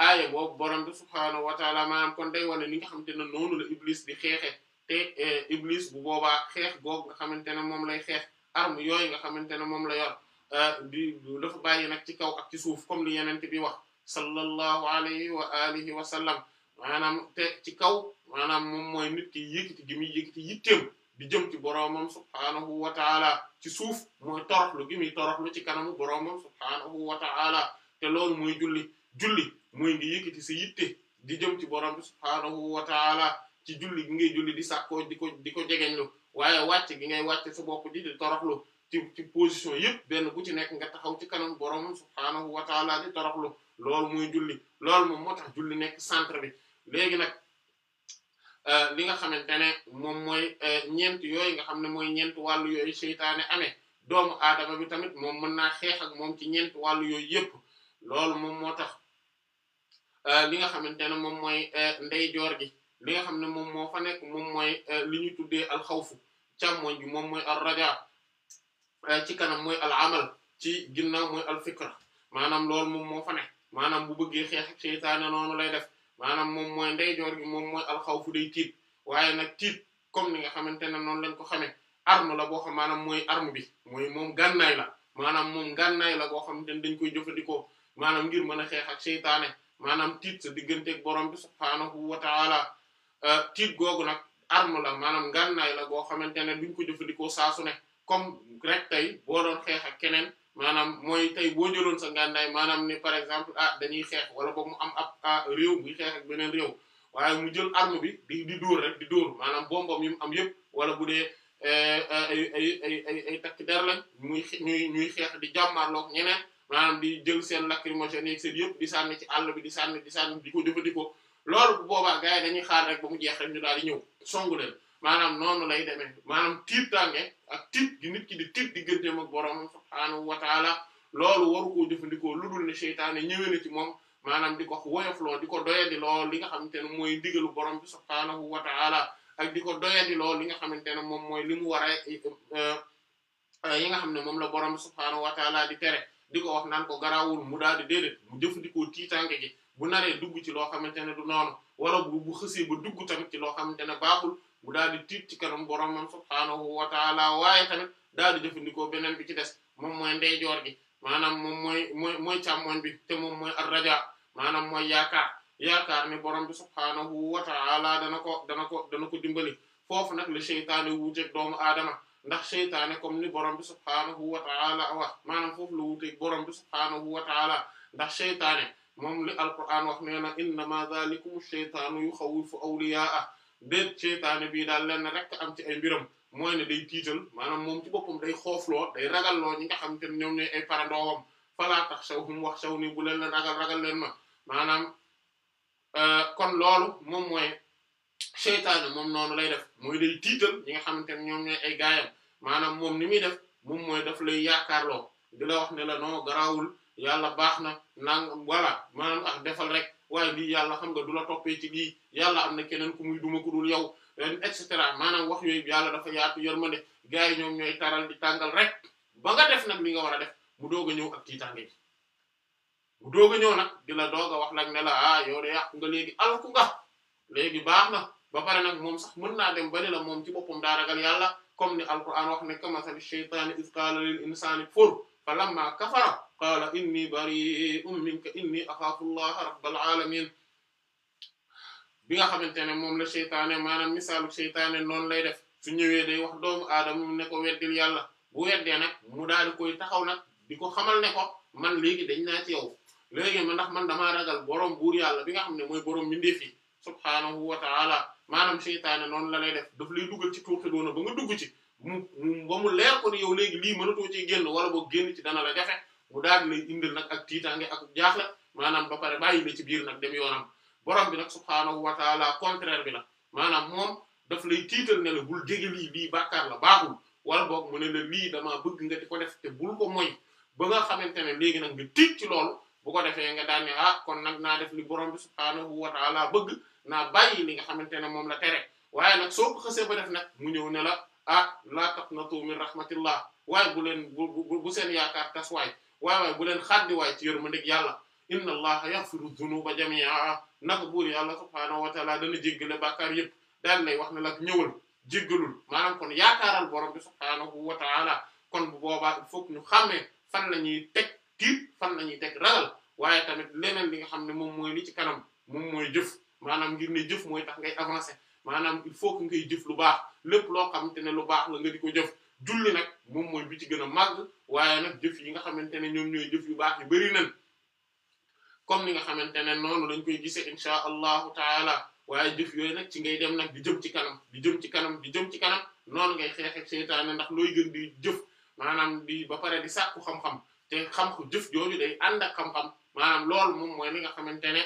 aaya boobu borom bi subhaanahu wa taala maanaam kon day wane ni nga xamante ne noonu la iblis di xeexe te eh, iblis bu boobaa xeex googu nga xamante ne moom lay xeex arme yooyu nga xamante ne moom la yor eh, di dafa bàyyi nag ci kaw ak ci suuf comme li yenente bi wax sallallahu alayhi wa alihi wa sallam maanaam te ci kaw maanaam moom mooy nit ki yëkkati gi muy yitteem di jëm ci boroomam subhaanahu wa taala ci suuf mooy toroxlu gi muy toroxlu ci kanamu boroomam subhaanahu wa taala te loolu muy julli julli muy ngi yëkkati si yitte di jëm ci borom bi subhaanahu wa taala ci julli gi ngay julli di sàkkoo di ko di ko jegeñlu waaye wàcc gi ngay wàcc sa bopp di di toroxlu ci ci position yëpp benn bu ci nekk nga taxaw ci kanam borom subhaanahu wa taala di toroxlu loolu muy julli lool moom moo tax julli nekk centre bi léegi nag euh, li nga xamante ne moom mooy euh, ñeent yooyu nga xam ne mooy ñeent wàllu yooyu seytaane amee doomu aadama bi tamit moom mën naa xeex ak moom ci ñeent wàllu yooyu yëpp loolu moo tax Euh, li nga xamante ne moom mooy euh, ndeyjoor gi li nga xam ne moom moo fa nekk moom mooy euh, li ñu tuddee ca càmmoñ bi moom mooy al raja ci kanam mooy al amal ci ginnaaw mooy al fikra maanaam loolu moom moo fa nekk maanaam bu bëggee xeex ak seytaane noonu lay def maanaam moom mooy ndeyjoor gi moom mooy alxawfu day tiit waaye nag tiit comme ni nga xamante ne noonu lañ ko xamee arme la boo xam maanaam mooy arme bi mooy moom gànnaay la maanaam moom gànnaay la boo xamante ne dañ koy jëfandikoo maanaam ngir mën a xeex ak maanaam tiit sa digganteeg borom bi subhaanahu wa ta'ala euh, tiit googu nag arme la maanaam ngànnaay la boo xamante ne duñ ko jëfandikoo saa su ne comme rek tey boo doon xeex ak keneen maanaam mooy tey boo jëloon sa ngànnaay maanaam ne par exemple ah dañuy xeex wala boog mu am ab ah réew buy xeex ak beneen réew waaye mu jël arme bi di di rek di dóor maanaam bombam yi mu am yépp wala bu dee eh, eh, ay ay ay ay ay ñuy xeex di jàmmarloog ñeneen. maanaam di jël seen lacrymogène yeeg seen yëpp di sànni ci àll bi di sànni di sànni di ko jëfandikoo loolu bu boobaa gars yi dañuy xaar rek ba mu jeex rek ñu daal di ñëw songu leen maanaam noonu lay demee maanaam tiitaange ak tiit gi nit ki di tiit digganteem ak borom subhaanahu wa taala loolu waru jëfandikoo lu dul ne seytaane ñëwee na ci moom maanaam di ko woyofloo di ko doyadi lool li nga xamante ne mooy ndigalu borom bi subhaanahu wa ak di ko doyadi lool li nga xamante ne moom mooy li mu war a eh, eh, eh, yi nga xam ne moom la borom bi subhaanahu di tere. di wax naan ko garaawul mu daal di déedéet mu jëfandikoo tiitaange ji bu naree dugg ci loo xamante ne du noonu wala bu bu xësee bu dugg tamit ci loo xamante ne baaxul mu daal di tiit ci kanam boromam subhaanahu wa taala waaye tamit daal di jëfandikoo beneen bi ci des moom mooy ndeyjoor gi maanaam moom mooy mooy mooy càmmoñ bi te moom mooy ar-raja maanaam mooy yaakaar yaakaar ne borom bi subhaanahu wa taala dana ko dana ko dana ko dimbali foofu nag la seytaane wuuteeg doomu aadama ndax seytaane comme ni borom bi subhaanahu wa ta'ala wax maanaam foofu la wuteeg bi subhaanahu wa ta'ala ndax seytaane moom li alquran wax nee na innama zalikum seytaanu yuxawwifu awliyaa déet seytaane bii daal lenn rek am ci ay mbiram mooy ne day tiital maanaam moom ci boppam day xoofloo day ragalloo ñi nga xam te ne ñoom ñooy ay parandoowam falaa taxshawhum waxshawni bu leen la ragal ragal leen ma maanaam euh, kon loolu moom mooy seytaane moom noonu lay def mooy day tiital ñi nga xamante ne ñoom ñooy ay gaayam maanaam moom ni muy def moom mooy daf lay yaakaarloo di la wax ne la non garaawul yàlla baax na nangam voilà maanaam ah defal rek waaye lii yàlla xam nga du la toppee ci lii yàlla am na keneen ku muy duma ku dul yow et cetera maanaam wax yooyu yàlla dafa yaatu yërmande gars yi ñoom ñooy taral di tàngal rek ba nga def nag li nga war a def mu doog a ñëw ak tiitaange bi mu doog a ñëw nag di la doog wax nag ne la ah yow de yàqu nga léegi baax na ba pare nag moom sax mën naa dem bari la moom ci boppam daa ragal yàlla comme ni alquran wax ne kamasali shaytaani iz qaala lil insaani kfur falamma kafara qaala inni bari'un minka inni axaafu allaha rabbal alamin bi nga xamante ne moom la seytaane maanaam misaalu seytaane noonu lay def su ñëwee day wax doomu aadama mu ne weddil yàlla bu weddee nag mu daal di koy taxaw nag di ko xamal ne ko man léegi dañ naa ci yow léegi man ndax man dama ragal boroom buur yàlla bi nga xam ne mooy boroom mbindeef yi subhaanahu wa ta'ala maanaam seytaane noonu la lay def daf lay dugal ci tuuti doona ba nga dugg ci mu mu ba mu leer ko ne yow léegi lii mënatoo ci génn wala boo génn ci dana la jafe mu daal lay indil nag ak tiitaange ak jaaxle maanaam ba pare bàyyi la ci biir nag dem yoonam borom bi nag subhaanahu wa ta'ala contraire bi la maanaam moom daf lay tiital ne bul jege lii lii bàkkaar la baaxul wala boog mu ne la lii damaa bëgg nga di ko def te bul ko moy ba nga xamante ne léegi nag nga tiit ci loolu bu ko defee nga daal ne ah kon nag naa def ni borom bi subhaanahu wa taala bëgg naa bàyyi li nga xamante ne moom la tere waaye nag soo ko xësee ba def nag mu ñëw ne la ah laa taqnatu min rahmatillah waaye bu leen bu bu seen yaakaar tas waay waaye bu leen xaddi waay ci yërmandeeg yàlla inna allaha yaghfiru dhunuba jami'a naka buur yàlla subhaanahu wa taala dana jéggale bàkkaar yëpp daal lay wax ne la ñëwal jéggalul maanaam kon yaakaaral borom bi subhaanahu wa taala kon bu boobaa il faut ñu xàmmee fan la ñuy teg tiit fan la ñuy teg ragal waaye tamit leneen li nga xam ne moom mooy li ci kanam moom mooy jëf maanaam ngir ne jëf mooy tax ngay avancer maanaam il faut ngay jëf lu baax lépp loo xamante ne lu baax la nga di ko jëf julli nag moom mooy bi ci gën a màgg waaye nag jëf yi nga xamante ne ñoom ñooy jëf yu baax yu bari nañ comme ni nga xamante ne noonu lañ koy gisee insha allahu taala waaye jëf yooyu nag ci ngay dem nag di jëm ci kanam di jëm ci kanam di jëm ci kanam noonu ngay xeex ak seytaane ndax looy gën di jëf maanaam ba pare di sàkku xam te xam ko jëf jooju day ànd ak xam-xam maanaam loolu moom mooy li nga xamante ne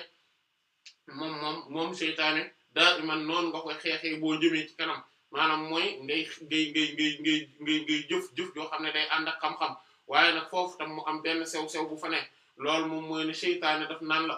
moom moom moom seytaane daa iman noonu nga koy xeexee boo jëmee kanam maanaam mooy ngay ngay ngay ngay ngay jëf jëf yoo xam ne day ànd ak xam-xam waaye nag foofu tam mu am benn sew-sew bu fa ne loolu moom mooy ne seytaane daf naan la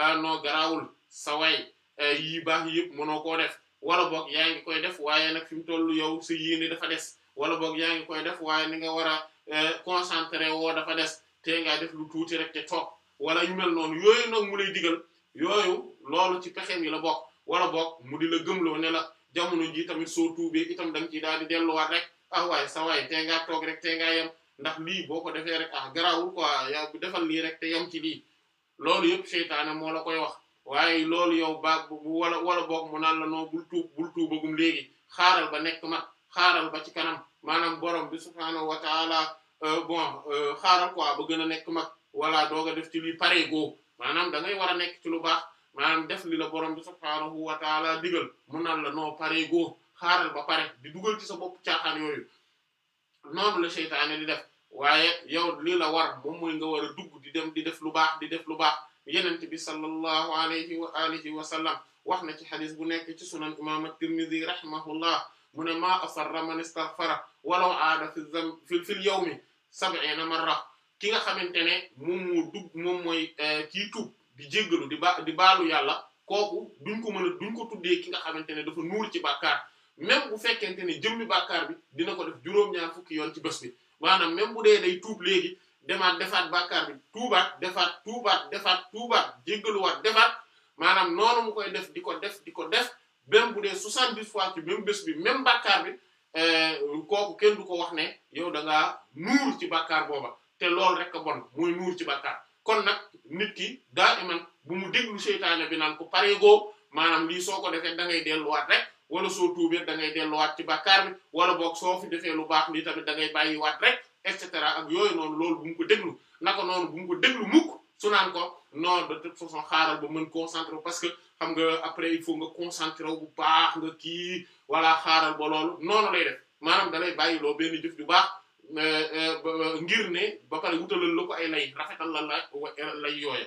ah, noo garaawul sa way eh, yii baax yëpp mënoo koo def wala boog yaa ngi koy def waaye nag fi mu toll yow sa yéene dafa des wala boog yaa ngi koy def waaye ni nga war Euh, concentré woo dafa des tey ngaa def lu tuuti rek te toog wala ñu mel noonu yooyu nag mu lay digal yooyu loolu ci pexem yi la bokk wala bokk mu di la gëmloo ne la jamono ji tamit soo tuubee itam da nga daal di delluwaat rek ah waaye sa waay ngaa toog rek tey ngaa yem ndax lii boo ko defee rek ah garaawul quoi defal lii rek te yem ci lii loolu yëpp seytaane moo la koy wax waaye loolu yow baag wala wala bokk mu naan la noo bul tuub bul tuubagum léegi xaaral ba nekk ma xaaral ba ci kanam maanaam borom bi subhaanahu wa taala euh, bon euh, xaaral quoi ba gën a nekk mag walaa doog a def ci luy pare goo maanaam da war a nekk ci lu baax maanaam def li la borom bi subhaanahu wa taala digal mun naan la noo pare goo xaaral ba pare di duggal ci sa bopp caaxaan yooyu noonu la seytaane di def waaye yow lii la war moom mooy nga war a dugg di dem di def lu baax di def lu baax yenent bi sallallahu alayhi wa alihi wa sallam wax na ci xadis bu nekk ci sunan imam at-Tirmidhi rahimahullah mu ne maa asarra man istaghfara walaw aada fi fil yawmi sab'iina marra ki nga xamante ne moom moo dugg moom mooy eh, kii tuub di jéggalu di ba di baalu yàlla kooku duñ ko mën a duñ ko tuddee ki nga xamante ne dafa nuur ci bàkkaar même bu fekkente ne jëmmi bàkkaar bi dina ko def juróom-ñaar fukki yoon ci bés bi maanaam même bu dee day tuub léegi demaat defaat bàkkaar bi tuubaat defaat tuubaat defaat tuubaat jéggaluwaat defaat maanaam noonu mu koy def di ko def di ko def même bu dee soixante-dix fois ci même bés bi même bàkkaar bi euh, kooku kenn du ko wax ne yow da ngaa nuur ci bàkkaar booba te loolu rek a bon mooy nuur ci bàkkaar kon nag nit ki daa iman bu mu déglu seytaane bi naan ko pareegoo maanaam lii soo ko defee da ngay delluwaat rek wala soo tuubee da ngay waat ci bàkkaar bi wala boog soo fi defee lu baax lii tamit da ngay bàyyiwaat rek et cetera ak yooyu noonu loolu bu mu ko déglu naka noonu bu mu ko déglu mukk su naan ko non de toute façon xaaral ba parce que xam nga après il faut nga concentré bu baax nga kii wala xaaral ba loolu noonu lay def maanaam dalay bàyyi loo benn jëf ju baax euh, euh, ngir ne ba pare wutalal la ay lay rafetal la la lay yooya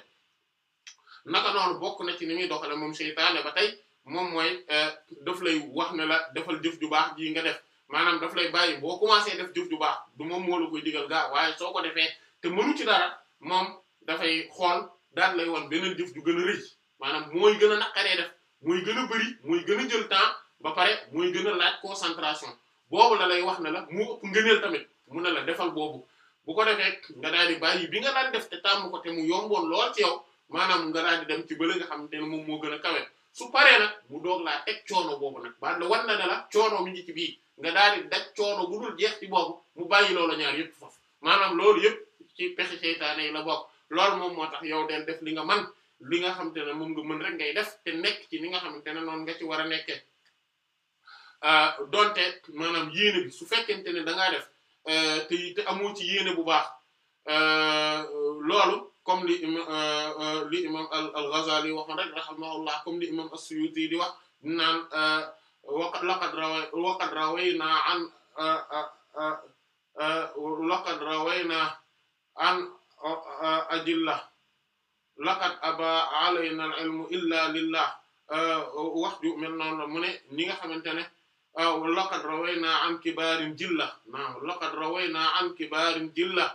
noonu bokk na ci ni muy doxale moom seytaane ba tey moom mooy euh, daf lay wax ne la defal jëf ju baax ji nga def maanaam daf lay bàyyi boo commencé def jëf ju baax du moom moo la koy digal gaa waaye soo ko defee te mënu ci dara moom dafay xool daal lay won beneen jëf ju gën a rëy maanaam mooy gën a naqaree def mooy gën a bëri mooy gën a jël temps ba pare mooy gën a laaj concentration boobu la lay wax ne la mu ëpp ngëneel tamit mu ne la defal boobu bu ko defee nga daal di bàyyi bi nga daan def te tàmm ko mu yomboon lool ci yow maanaam nga daal di dem ci bële nga xam te moo gën a kawe su paree nag mu doog laa teg boobu nag ba war na ne la coono mi ngi ci nga daal di daj coono bu dul jeex ci boobu mu bàyyi loolu ñaar yëpp foofu maanaam loolu yëpp ci pexe seytaane yi la bokk loolu moom moo tax yow del def li nga man li nga xamante ne moom nga mën rek ngay def te nekk ci li nga xamante ne noonu nga ci war a nekke ah, donte maanaam yéene bi su fekkente ne da ngaa def eh, te te amoo ci yéene bu baax eh, loolu comme li eh, li imam al-Ghazali waxoon rek rahimahullah comme li imam as-Suyuti di wax naan laqad rawa laqad rawayna an laqad rawayna an ajillah laqad aba alayna al ilmu illa lillah euh, wax ju mel noonu la mu ne ñi nga xamante ne euh, laqad rawayna an kibaarin jilla naam laqad rawayna an kibaarin jilla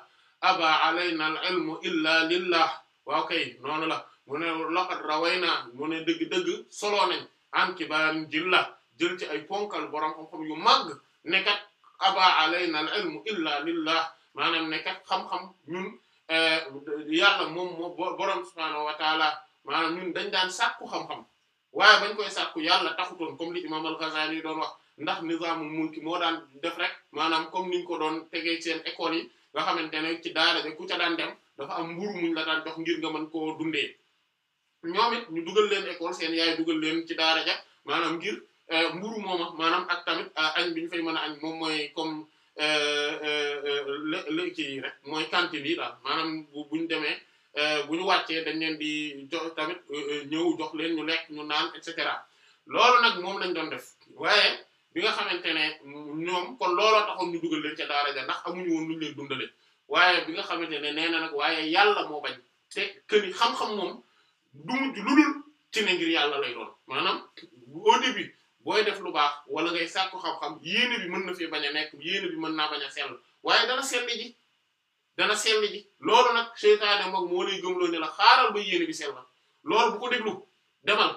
aba alayna al ilmu illa lillah waaw kay noonu la mu ne laqad rawayna mu ne dëgg-dëgg solo nañ an kibaarin jilla jël ci ay ponkal borom xam-xam yu màgg ne kat aba alayna al ilmu illa lillah maanaam ne kat xam-xam ñun Eh, yàlla moom moo borom subhaanahu wa taala maanaam ñun dañ daan sàkku xam-xam waaye bañ koy sàkku yàlla taxutoon comme li imam al-Ghazali yi doon wax ndax nizaamul mulki moo daan def rek maanaam comme niñ ko doon tegee seen école yi nga xamante ne ci daara ja ku ca daan dem dafa am mburu muñ la daan jox ngir nga mën koo dundee ñoom it ñu dugal leen école seen yaay dugal leen ci daara ja maanaam ngir eh, mburu mooma maanaam at tamit eh, añ bi ñu fay mën a añ moom mooy comme lé lé ki rek mooy cantine yi daal maanaam bu ñu demee euh, bu ñu wàccee dañ leen di jox tamit euh, euh, ñëw jox leen ñu lekk ñu naan et cetera loolu nag moom lañ doon def waaye bi nga xamante ne ñoom kon looloo taxoon ñu dugal leen ca daara ndax amuñu lu ñu leen waaye bi nga xamante ne nee na nag waaye yàlla moo bañ te këni xam-xam moom du mujj lu dul ci ne ngir yàlla lay doon maanaam au début. booy def lu baax wala ngay sàkku xam-xam yéene bi mën na fee bañ nekk yéene bi mën naa bañ a sell waaye dana sell ji dana sell loolu nag seytaane moom moo lay gëmloo ne la xaaral ba yéene bi sell la loolu bu ko déglu demal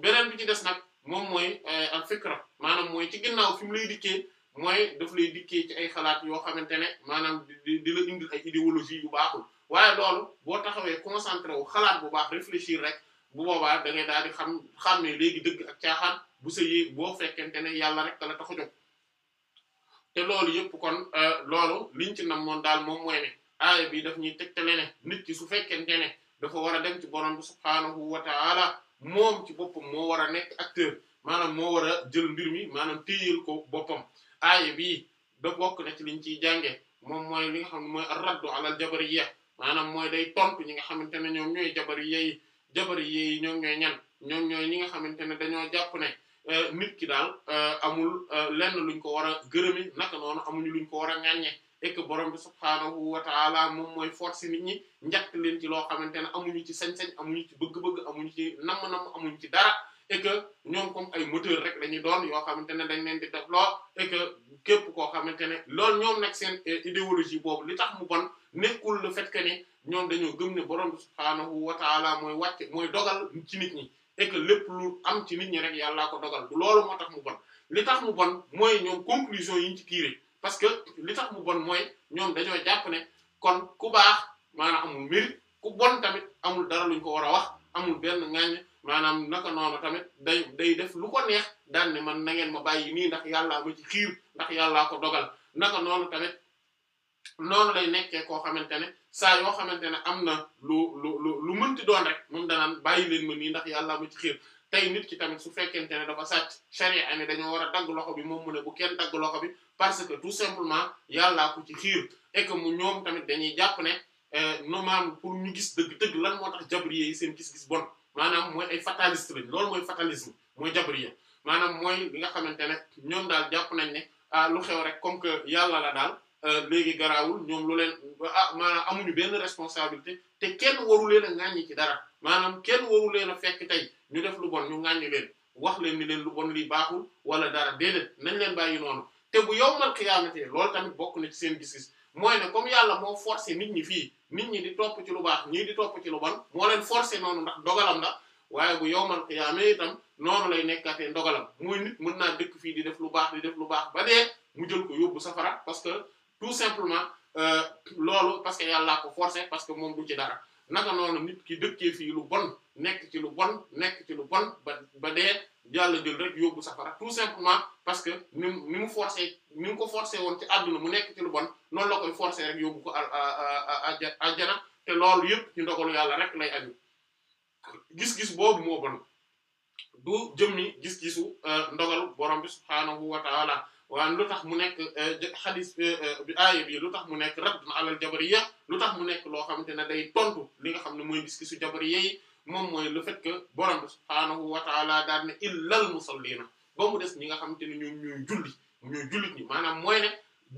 beneen bi ci des nag moom mooy eh, al fikra maanaam mooy ci ginnaaw fi mu lay dikkee mooy daf lay dikkee ay xalaat yoo xamante ne maanaam di la indi ay idéologie yu baaxul waaye loolu boo taxawee concentré wu xalaat bu baax réfléchir rek bu boobaa da ngay daal di xam xam ne léegi dëgg ak caaxaan bu sa boo fekkente ne yàlla rek la tax a te loolu yëpp kon euh, loolu liñ ci nam moon daal moom mooy ne aaya bi daf ñuy tegtale ne nit ki su fekkente ne dafa war a dem ci borom bi subhaanahu wa moom ci boppam moo war a nekk acteur maanaam moo war a jël mbir mi maanaam téyal ko boppam aaya bii da bokk na ci liñ ciy jànge moom mooy li nga xam ne mooy raddu alal jabariyya maanaam mooy day tontu ñi nga xamante ne ñoom ñooy jabariyya yi jabari yi ñoom ñooy ñan ñoom ñooy ñi nga xamante ne dañoo jàpp ne euh, nit ki daal euh, amul euh, lenn luñ ko war a gërëmi naka noonu amuñu luñ ko war a ŋàññe et que borom bi subhaanahu wa moom mooy force nit ñi njàkk leen ci loo xamante ne amuñu ci sañ-sañ amuñu ci bëgg-bëgg amuñu ci namm-namm amuñu ci dara et que ñoom comme ay moteur rek dañuy doon yoo xamante ne dañ leen di def lool et que képp koo xamante ne loolu ñoom nekk seen eh, idéologie boobu li tax mu bon nekkul kul fait que ne ñoom dañoo gëm ne borom subhaanahu wa taala mooy wàcce mooy dogal ci nit ñi et lépp lu am ci nit ñi rek yàllaa ko dogal du loolu moo tax mu bon li tax mu bon mooy ñoom conclusion yi ñu ci tiré parce que li tax mu bon mooy ñoom dañoo jàpp ne kon ku baax maanaam amul mérite ku bon tamit amul dara luñ ko war a wax amul benn ŋaññe maanaam naka noonu tamit day day def lu ko neex daan ne man nangeen ngeen ma bàyyi nii ndax yàllaa ma ci xiir ndax yàllaa ko dogal naka noonu tamit noonu lay nekkee koo xamante ne saa yoo xamante ne am na lu lu lu lu mënti doon rek moom danaan bàyyi leen ma nii ndax yàllaa ma ci xiir tey nit ki tamit su fekkente ne dafa sàcc charia ne dañoo war a dagg loxo bi moom mu ne bu kenn dagg loxo bi parce que tout simplement yàllaa ko ci xiir et mu ñoom tamit dañuy jàpp ne euh, no maam pour ñu gis lan moo tax yi seen gis-gis maanaam mooy ay fataliste lañ loolu mooy fatalisme mooy jabriya maanaam mooy li nga xamante ne ñoom daal jàpp nañ ne ah lu xew rek comme que yàlla la daal euh, léegi garaawul ñoom lu leen ah maanaam amuñu benn responsabilité te kenn waru leen a ŋàññi ci dara maanaam kenn waru leen a fekk tey ñu def lu bon ñu ŋàññi leen wax leen ni leen lu bon lii baaxul wala dara déedéet nañ leen bàyyi noonu te bu yowmal xiyaamate loolu tamit bokk na ci seen gis mooy ne comme yàlla moo forcé nit ñi fii nit ñi di topp ci lu baax ñii di topp ci lu bon moo leen forcé noonu ndax dogalam la waaye bu yowmal qiyaama itam noonu lay nekkatee ndogalam mooy nit mën naa dëkk fii di def lu baax di def lu baax ba dee mu jël ko yóbbu safara parce que tout simplement euh, loolu parce que yàllaa ko forcé parce que moom du ci dara naka noonu nit ki dëkkee fii lu bon nekk ci lu bon nekk ci lu bon ba ba dee yàlla jël rek yóbbu safara tout simplement parce que ni mu ni mu forcé ni ko forcé woon ci àdduna mu nekk ci lu bon noonu la koy forcé rek yóbbu ko àjjana te loolu yëpp ci ndogalu yàlla rek lay aju gis-gis boobu moo bon du jëmmi gis-gisu euh, ndogalu borom bi subhaanahu wa ta'ala waaye lu tax mu nekk euh, xadis euh, bi aaya bi lu tax mu nekk raddun alal jabariya lu tax mu nekk loo xamante ne day tontu li nga xam ne mooy gis-gisu jabariya yi moom mooy lu fekk que borom bi subhaanahu wa taala daal ne illal musalliina ba mu des ñi nga xamante ne ñoom ñooy julli ñooy jullit ñi maanaam mooy ne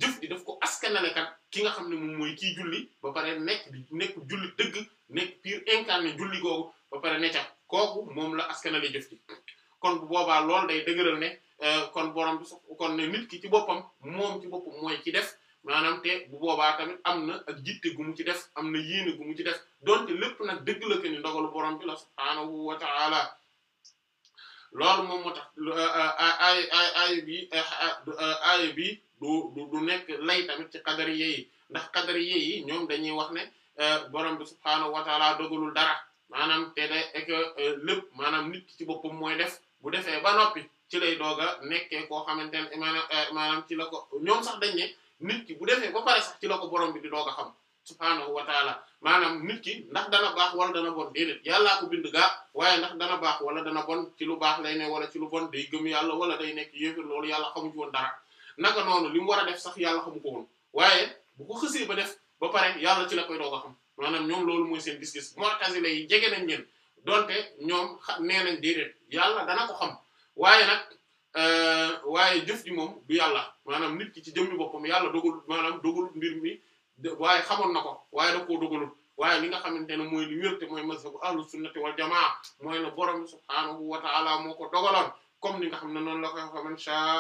jëf di ko askanale ki nga xam ne moom mooy kii julli ba pare nekk di nekk julli dëgg nekk pire incarné julli googu ba pare ne ca kooku moom la askanale jëf di kon bu boobaa loolu day dëgëral ne euh, kon borom bi kon ne nit ki ci boppam moom ci boppam mooy ci def maanaam te bu boobaa tamit am na ak jitte gu ci def am na yéene gu ci def donte lépp nag dëgg la ke ni ndogalu borom bi la subhaanahu wa ta'ala loolu moom moo tax ay bi ay du nekk lay tamit ci qadariye yi ndax qadariye yi ñoom dañuy wax ne borom bi subhaanahu wa ta'ala dogalul dara maanaam te day ek lépp maanaam nit ci boppam mooy def bu defee ba noppi ci lay doog a nekkee koo xamante ne maanaam ci la ko ñoom sax dañ nit ki bu defee ba pare sax ci la ko borom bi di doog a xam subhaanahu wa taala maanaam nit ki ndax dana baax wala dana bon déedéet yàllaa ko bind gaa waaye ndax dana baax wala dana bon ci lu baax lay ne wala ci lu bon day gëm yàlla wala day nekk yéefir loolu yàlla xamu ci woon dara naka noonu li mu war a def sax yàlla xamu ko woon waaye bu ko xësee ba def ba pare yàlla ci la koy doog a xam maanaam ñoom loolu mooy seen gis-gis mu'tazila yi jege na leen donte ñoom xa nee nañ déedéet yàlla dana ko xam Euh, waaye jëf ji moom du yàlla maanaam nit ki ci jëm bi boppam yàlla dogalut maanaam dogalut mbir mi waaye xamoon na ko waaye da koo dogalut waaye li nga xamante ne mooy li wérte mooy mazhabu ahlus sunnati wal jamaa mooy la borom subhaanahu wa ta'ala moo ko dogaloon comme ni nga xam ne noonu la koy faman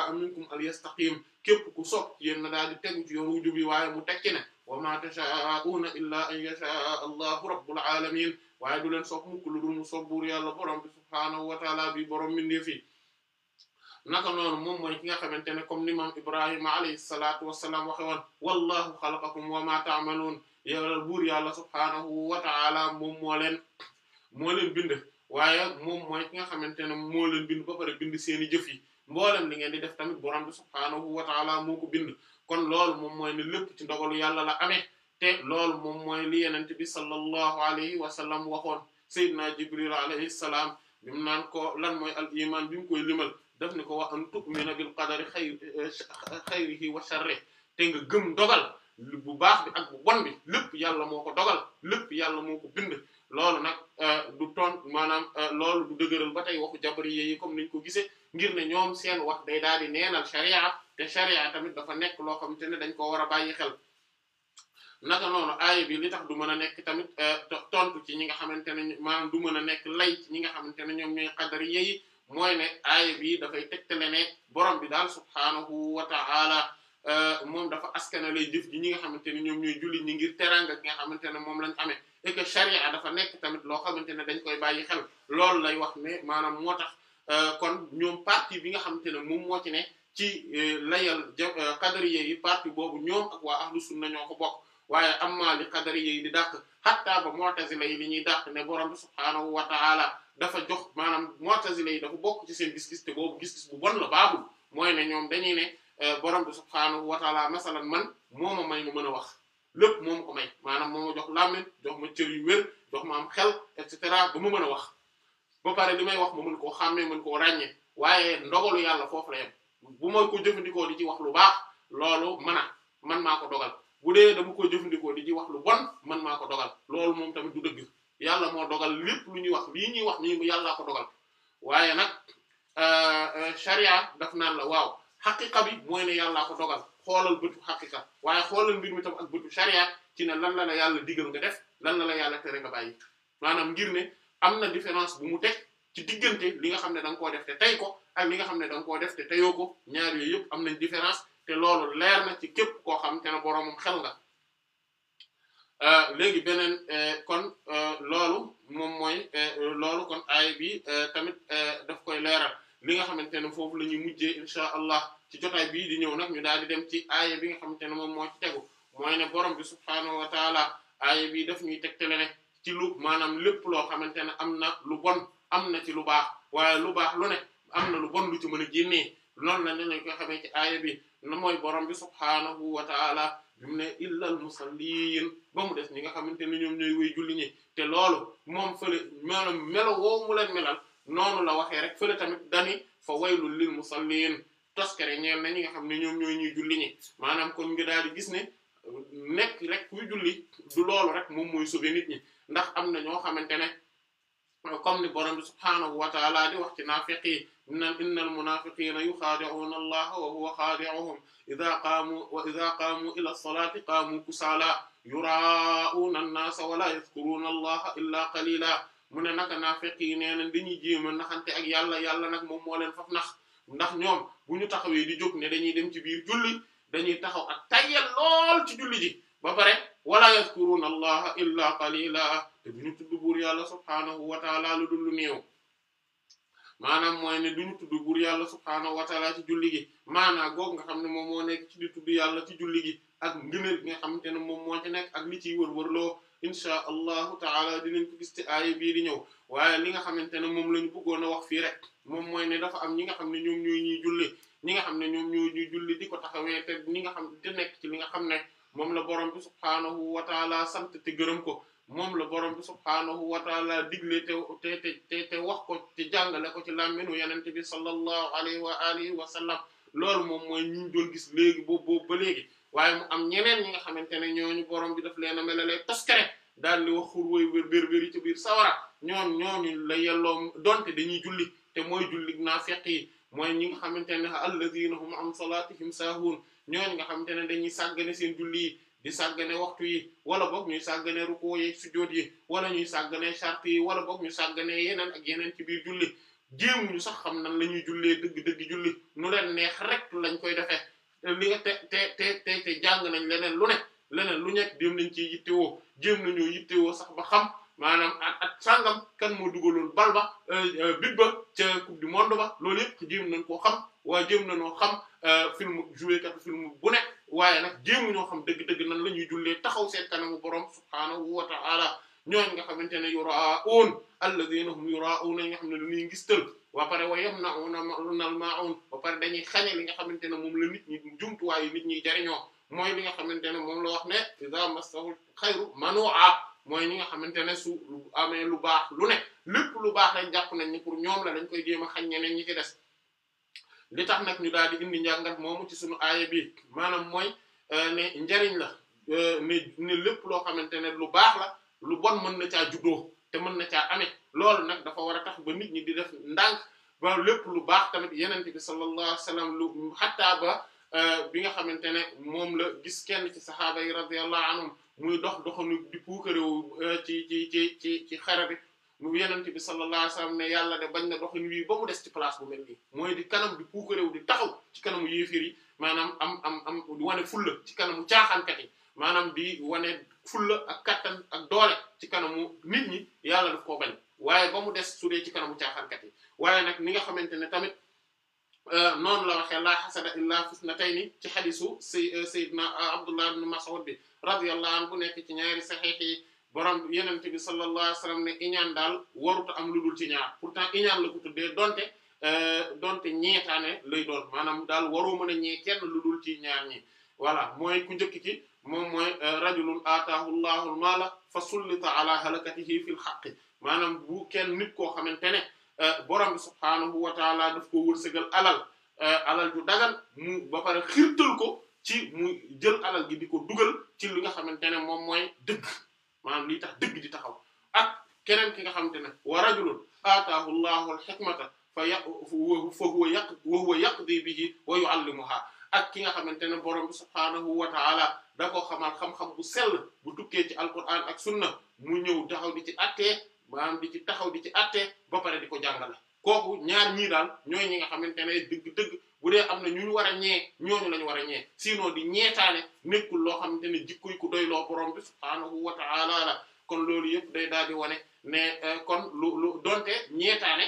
a minkum al yastaqim képp ku sopp ci yéen na daal di tegu ci waaye mu tekki ne wa ma tasha'una illa an yasha'a allahu rabbul alamin waaye du leen sopp mukk yàlla wa ta'ala naka noonu moom mooy ki nga xamante ne comme l'imam ibrahima alayhi salaatu wassalaam waxe woon wallahu xalaqakum wa ma ta'malun yàlla buur yàlla subhaanahu wa ta'ala moom moo waaye moom mooy nga xamante ne moo leen bind ba pare bind seeni jëf yi mboolem li ngeen di def tamit borom bi subhaanahu wa ta'ala moo ko bind kon loolu moom mooy ne lépp ci ndogalu yàlla la amee te lool moom mooy li yenent bi sallallahu alayhi wa sallam waxoon sayyidina jibril alayhi salaam bi mu ko lan mooy al iman bi mu koy limal def ni ko wax an tu'mina bil qadari xay eh, xayrihi wa sharrihi te nga gëm dogal bu baax bi ak bu bon bi lëpp yàlla moo ko dogal lépp yàlla moo ko bind loolu nag eh, du ton maanaam eh, loolu du dëgëral ba tey waxu jabari yi comme niñ ko gisee ngir ne ñoom seen wax day daal di neenal sharia te sharia tamit dafa nekk loo xamante ne dañ koo war a bàyyi xel naka noonu aaya bi li tax du mën a nekk tamit tontu ci ñi nga xamante ne maanaam du mën a nekk lay ci ñi nga xamante ne ñoom ñooy qadari yi mooy ne aaya bi dafay tegtale ne borom bi daal subhaanahu wa ta'ala euh, moom dafa askanale jëf ji ñi nga xamante ne ñoom ñooy julli ñi ngir teraanga gi nga xamante ne moom lañ amee et que charia dafa nekk tamit loo xamante ne dañ koy bàyyi xel loolu lay wax ne maanaam moo tax euh, kon ñoom parti bi nga xamante ne moom moo ci ne ci euh, layal qadariye yi parti boobu ñoom ak waa ahlu sunna ñoo ko bokk waaye amma li qadariye yi di dàq hatta ba mu'tazila yi li ñuy dàq ne borom bi subhaanahu wa ta'ala dafa jox maanaam mu'tazila yi dafa bokk ci seen gis-gis te boobu gis-gis bu bon la baaxul mooy ne ñoom dañuy ne euh, borom bi subhaanahu wa ta'ala masalan man moo ma may mu mën a wax lépp moom ma ko may maanaam moo ma jox làmmiñ jox ma yu wér jox ma am xel et cetera ba mu mën a wax ba pare li may wax ma mën koo xàmmee mën ko ràññee waaye ndogalu yàlla foofu la bu ma ko jëfandikoo di ci wax lu baa loolu mën a man maa ko dogal bu dee dama ko jëfandikoo di ci wax lu bon man maa ko dogal loolu moom tamit du dëgg yàlla moo dogal lépp lu ñuy wax lii ñuy wax nii yàlla ko dogal waaye nag euh, euh, sharia daf naan la waaw xaqiqa bi mooy ne yàllaa ko dogal xoolal bëtu xaqiqa waaye xoolal mbir mi tam ak bëtu sharia ci ne lan la la yàlla digal nga def lan la la yàlla tere nga bàyyi maanaam ngir ne am na différence bu mu teg ci diggante li nga xam ne da nga koo def te tey ko ak li nga xam ne da nga koo def te teyoo ko ñaar yooyu yëpp am nañ différence te loolu leer na ci képp koo xam te xel nga Euh, léegi beneen euh, kon euh, loolu moom mooy loolu kon aay bi tamit daf koy leeral li nga xamante ne foofu la ñuy mujjee incha allah ci jotaay bii di ñëw nag ñu daal di dem ci aaya bi nga xamante ne moom moo ci mooy ne borom bi subhaanahu wa taala aaya bi daf ñuy tegtale ne ci lu maanaam lépp loo xamante ne am na lu bon am na ci lu baax waaye lu baax lu ne am na lu bon lu ci mën a génnee loolu la ne lañ ko xamee ci aaya bi na mooy bi subhaanahu wa taala bi mu ne illal musalliin ba mu des ñi nga xamante ne ñoom ñooy wéy julli ñi te loolu moom fële maanaam melo woo mu leen melal noonu la waxee rek fële tamit dani fa waylul lil musalliin toskere ñeel na ñi nga xam ne ñoom ñooy ñuy julli ñi maanaam kon nga daal di gis ne nekk rek kuy julli du loolu rek moom mooy sauver nit ñi ndax am na ñoo xamante ne comme ni borom bi subhaanahu wa taala di wax ci naafiq yi naan inna al munafiqina yuxaadi'uuna allaha wa huwa xaadi'uhum ida qaamu wa ida qaamu ila salaati qaamu kusaala yuraa'uuna annaasa wala yadkuruuna allaha illa qalila mu ne naka naafiq yi nee na dañuy jéem a naxante ak yàlla yàlla nag moom moo leen faf nax ndax ñoom bu ñu taxawee di jóg ne dañuy dem ci biir julli dañuy taxaw ak tayyal lool ci julli ji ba pare wala yadkuruuna allaha illa qalila te du ñu tudd buur yàlla subhaanahu wa taala lu lu néew maanaam mooy ne du tudd buur yàlla subhaanahu wa taala ci julli gi maanaam goog nga xam ne moom moo nekk ci di tudd yàlla ci julli gi ak ngëneel gi nga xamante ne moom moo ci nekk ak li ciy wërwërloo inchaa allahu taala dinañ ko gis ci aaya biir di ñëw waaye li nga xamante ne moom la ñu bëggoon wax fii rek moom mooy ne dafa am ñi nga xam ne ñu ñooy ñuy julli ñi nga xam ne ñoom ñooy ñu julli di ko taxawee te ñi nga xam te nekk ci li nga xam ne moom la borom bi subhaanahu wa taala te gërëm ko moom la borom bi subhaanahu wa taala digle te te te te wax ko te jàngale ko ci làmminu yenente bi sallallahu alayhi wa alihi wa sallam loolu moom mooy ñu doon gis léegi boobu boobu ba léegi waaye am ñeneen ñi nga xamante ne ñooñu borom bi daf leen a melalee taskare daal di wax xur woy bérbér yi ci biir sawara ñoon ñooñu la yelloo donte dañuy julli te mooy julli naafiq yi mooy ñi nga xamante ne alladhina hum an salatihim saahuun ñooñu nga xamante ne dañuy sàggane seen julli di sàggane waxtu yi wala boog ñuy sàggane ruku yi sujjóot yi wala ñuy sàggane charte yi wala boog ñu sàggane yeneen ak yeneen ci biir julli jéemu ñu sax xam nan la ñuy jullee dëgg-dëgg julli nu leen neex rek lañ koy defee li nga te te te te jàng nañ leneen lu ne leneen lu nekk dem nañ ci yittewoo jéem nañoo yittewoo sax ba xam maanaam ak ak sàngam kan moo dugaloon bal ba euh, euh, bit ba ca coupe du monde ba loolu yëpp jéem nañ koo xam waa jéem nañoo xam euh, film joué kat film bu nekk waaye nag jéemu ñoo xam dëgg-dëgg nan la ñuy jullee taxaw seen kanamu borom subhaanahu wa ta'ala ñooñ nga xamante ne yura'un alladhina hum yura'un ñi nga xam ne dañuy gis tël waa pare wa yamna'una al ma'un ba pare dañuy xañe li nga xamante ne moom la nit ñi jumtuwaayu nit ñi jariñoo mooy li nga xamante ne moom loo wax ne iza massahu xayru a mooy ñi nga xamante ne su amee lu baax lu ne lépp lu baax lañ jàpp nañ ni pour ñoom la dañ koy jéem a xañ ñeneen ñi ci li tax nag ñu daal di indi njàngat moomu ci suñu aaya bi maanaam mooy euh, ne njariñ la euh, ne ne lépp loo xamante ne lu baax la lu bon mën na caa juddoo te mën na caa amee lool nag dafa war a tax ba nit ñi di def ndànk ba lépp lu baax tamit yenente bi sallallahu alayhi wasallam lu xattaa ba euh, bi nga xamante ne moom la gis kenn ci saxaaba yi radiyallahu anhum muy dox doxanu di puukarewu ci ci ci ci ci xare bi mu yenente bi sallallahu alayhi wasallam ne yàlla de bañ na doxin wii ba mu des ci place bu mel nii mooy di kanam di puukaréew di taxaw ci kanamu yéefir yi maanaam am am am di wane fulla ci kanamu caaxaankat yi maanaam di wane fulla ak kattan ak doole ci kanamu nit ñi yàlla daf koo bañ waaye ba mu des su dee ci kanamu caaxaankat yi waaye nag ni nga xamante ne tamit euh, noonu la waxee laa xasada illaa nii ci xadisu say euh, na abdullah ibn mas'ud bi radiyallahu anhu bu nekk ci ñaari saxiix borom yenente bi sallallahu alayhi wasallam ne daal waruta am lu ci ñaar pourtant iñaan la ko tuddee donte euh, donte ñeetaane lay doon maanaam daal waroo mën a ñee kenn lu dul ci ñaar ñi voilà mooy ku njëkk ci moom mooy euh, rajulun aataahu llahu almaala fa sullita ala halakatihi fil haqqi maanaam bu kenn nit koo xamante ne euh, borom bi subhaanahu wa taala daf ko alal alal ju dagal mu ba pare xirtal ko ci mu jël alal gi di ko dugal ci li nga xamante ne moom mooy dëkk maanaam lii tax dëgg di taxaw ak keneen ki nga xamante ne wa rajulun aataahu llahu alxikmata fa yaq fa huwa yaq wa huwa yaqdi bihi wa yuallimuha ak ki nga xamante ne borom bi subhaanahu wa taala da ko xamal xam-xam bu sell bu tukkee ci alquran ak sunna mu ñëw taxaw di ci attee maanaam di ci taxaw di ci attee ba pare di ko jàngale kooku ñaar ñi daal ñooy ñi nga xam ne dëgg-dëgg bu dee am na ñu war a ñee ñooñu lañu war a ñee sinon di ñeetaane nekkul loo xam ne jikkoy ku doy loo borom bi subhaanahu wa ta'ala la kon loolu yëpp day daal di wane ne euh, kon lu lu donte ñeetaane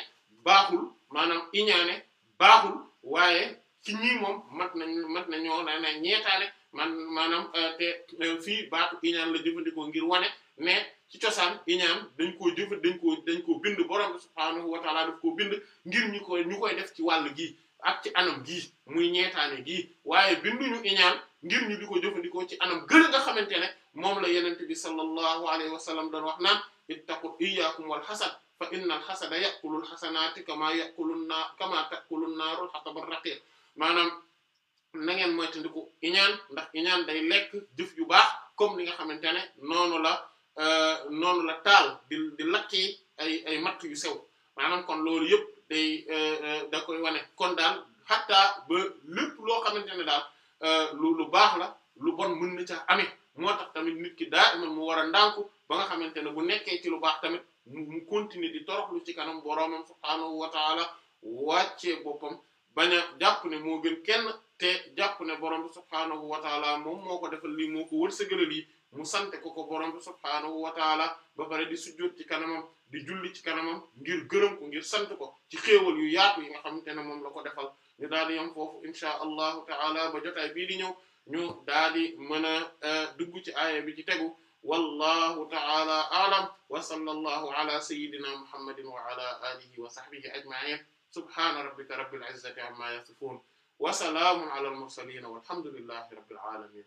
baaxul maanaam iñaane baaxul waaye ci ñii moom mat nañ mat nañoo na na ñeetaane man maanaam euh, te euh, fii baatu iñaan jëfandikoo ngir wane ne ci cosaan iñaan dañ koo jëfa dañ koo dañ koo bind borom bi subhaanahu wa ta'ala daf koo bind ngir ñu koy ñu koy def ci wàll gii at ci anam gii muy ñeetaane gii waaye binduñu iñaan ngir ñu di ko jëfandikoo ci anam gën nga xamante ne moom la yenente bi sallallahu alayhi wa sallam doon wax naan ittaqu iyyakum wal xasad fa inna al xasada yaqulul xasanaati kama yaqulun naa kama taqulun naarul xatabar raqiq maanaam na ngeen moytandiku iñaan ndax iñaan day lekk jëf yu baax comme li nga xamante ne noonu la euh, noonu la taal di di lakki ay ay matt yu sew maanaam kon loolu yëpp day euh, euh, da koy wane kon daal xata ba lépp loo xamante ne daal euh, lu lu baax la lu bon mu na caa amee moo tax tamit nit ki daa iman mu war a ndànku ba nga xamante ne bu nekkee ci lu baax tamit mu continuer di toroxlu ci kanam boroomam subhaanahu wa taala boppam bañ a jàpp ne moo gën kenn te jàpp ne borom bi subhaanahu wa taala moom moo ko defal lii moo ko wërsëgal lii mu sante ko ko borom bi subhaanahu wa taala ba pare di sujjóot ci kanamam di julli ci kanamam ngir gërëm ko ngir sant ko ci xéewal yu yaatu yi nga xamante ne moom la ko defal ñu daal di yam foofu insha allahu taala ba bii di ñëw ñu daal di mën a e, dugg ci aaya bi ci tegu wallahu taala aalam wa sallallahu ala sayidina muhammadin wa ala alihi wa sahbihi ajma'in subhana rabbika rabbil izzati amma yasifun wa salaamun ala al mursalin walhamdulillahi rabbil alamin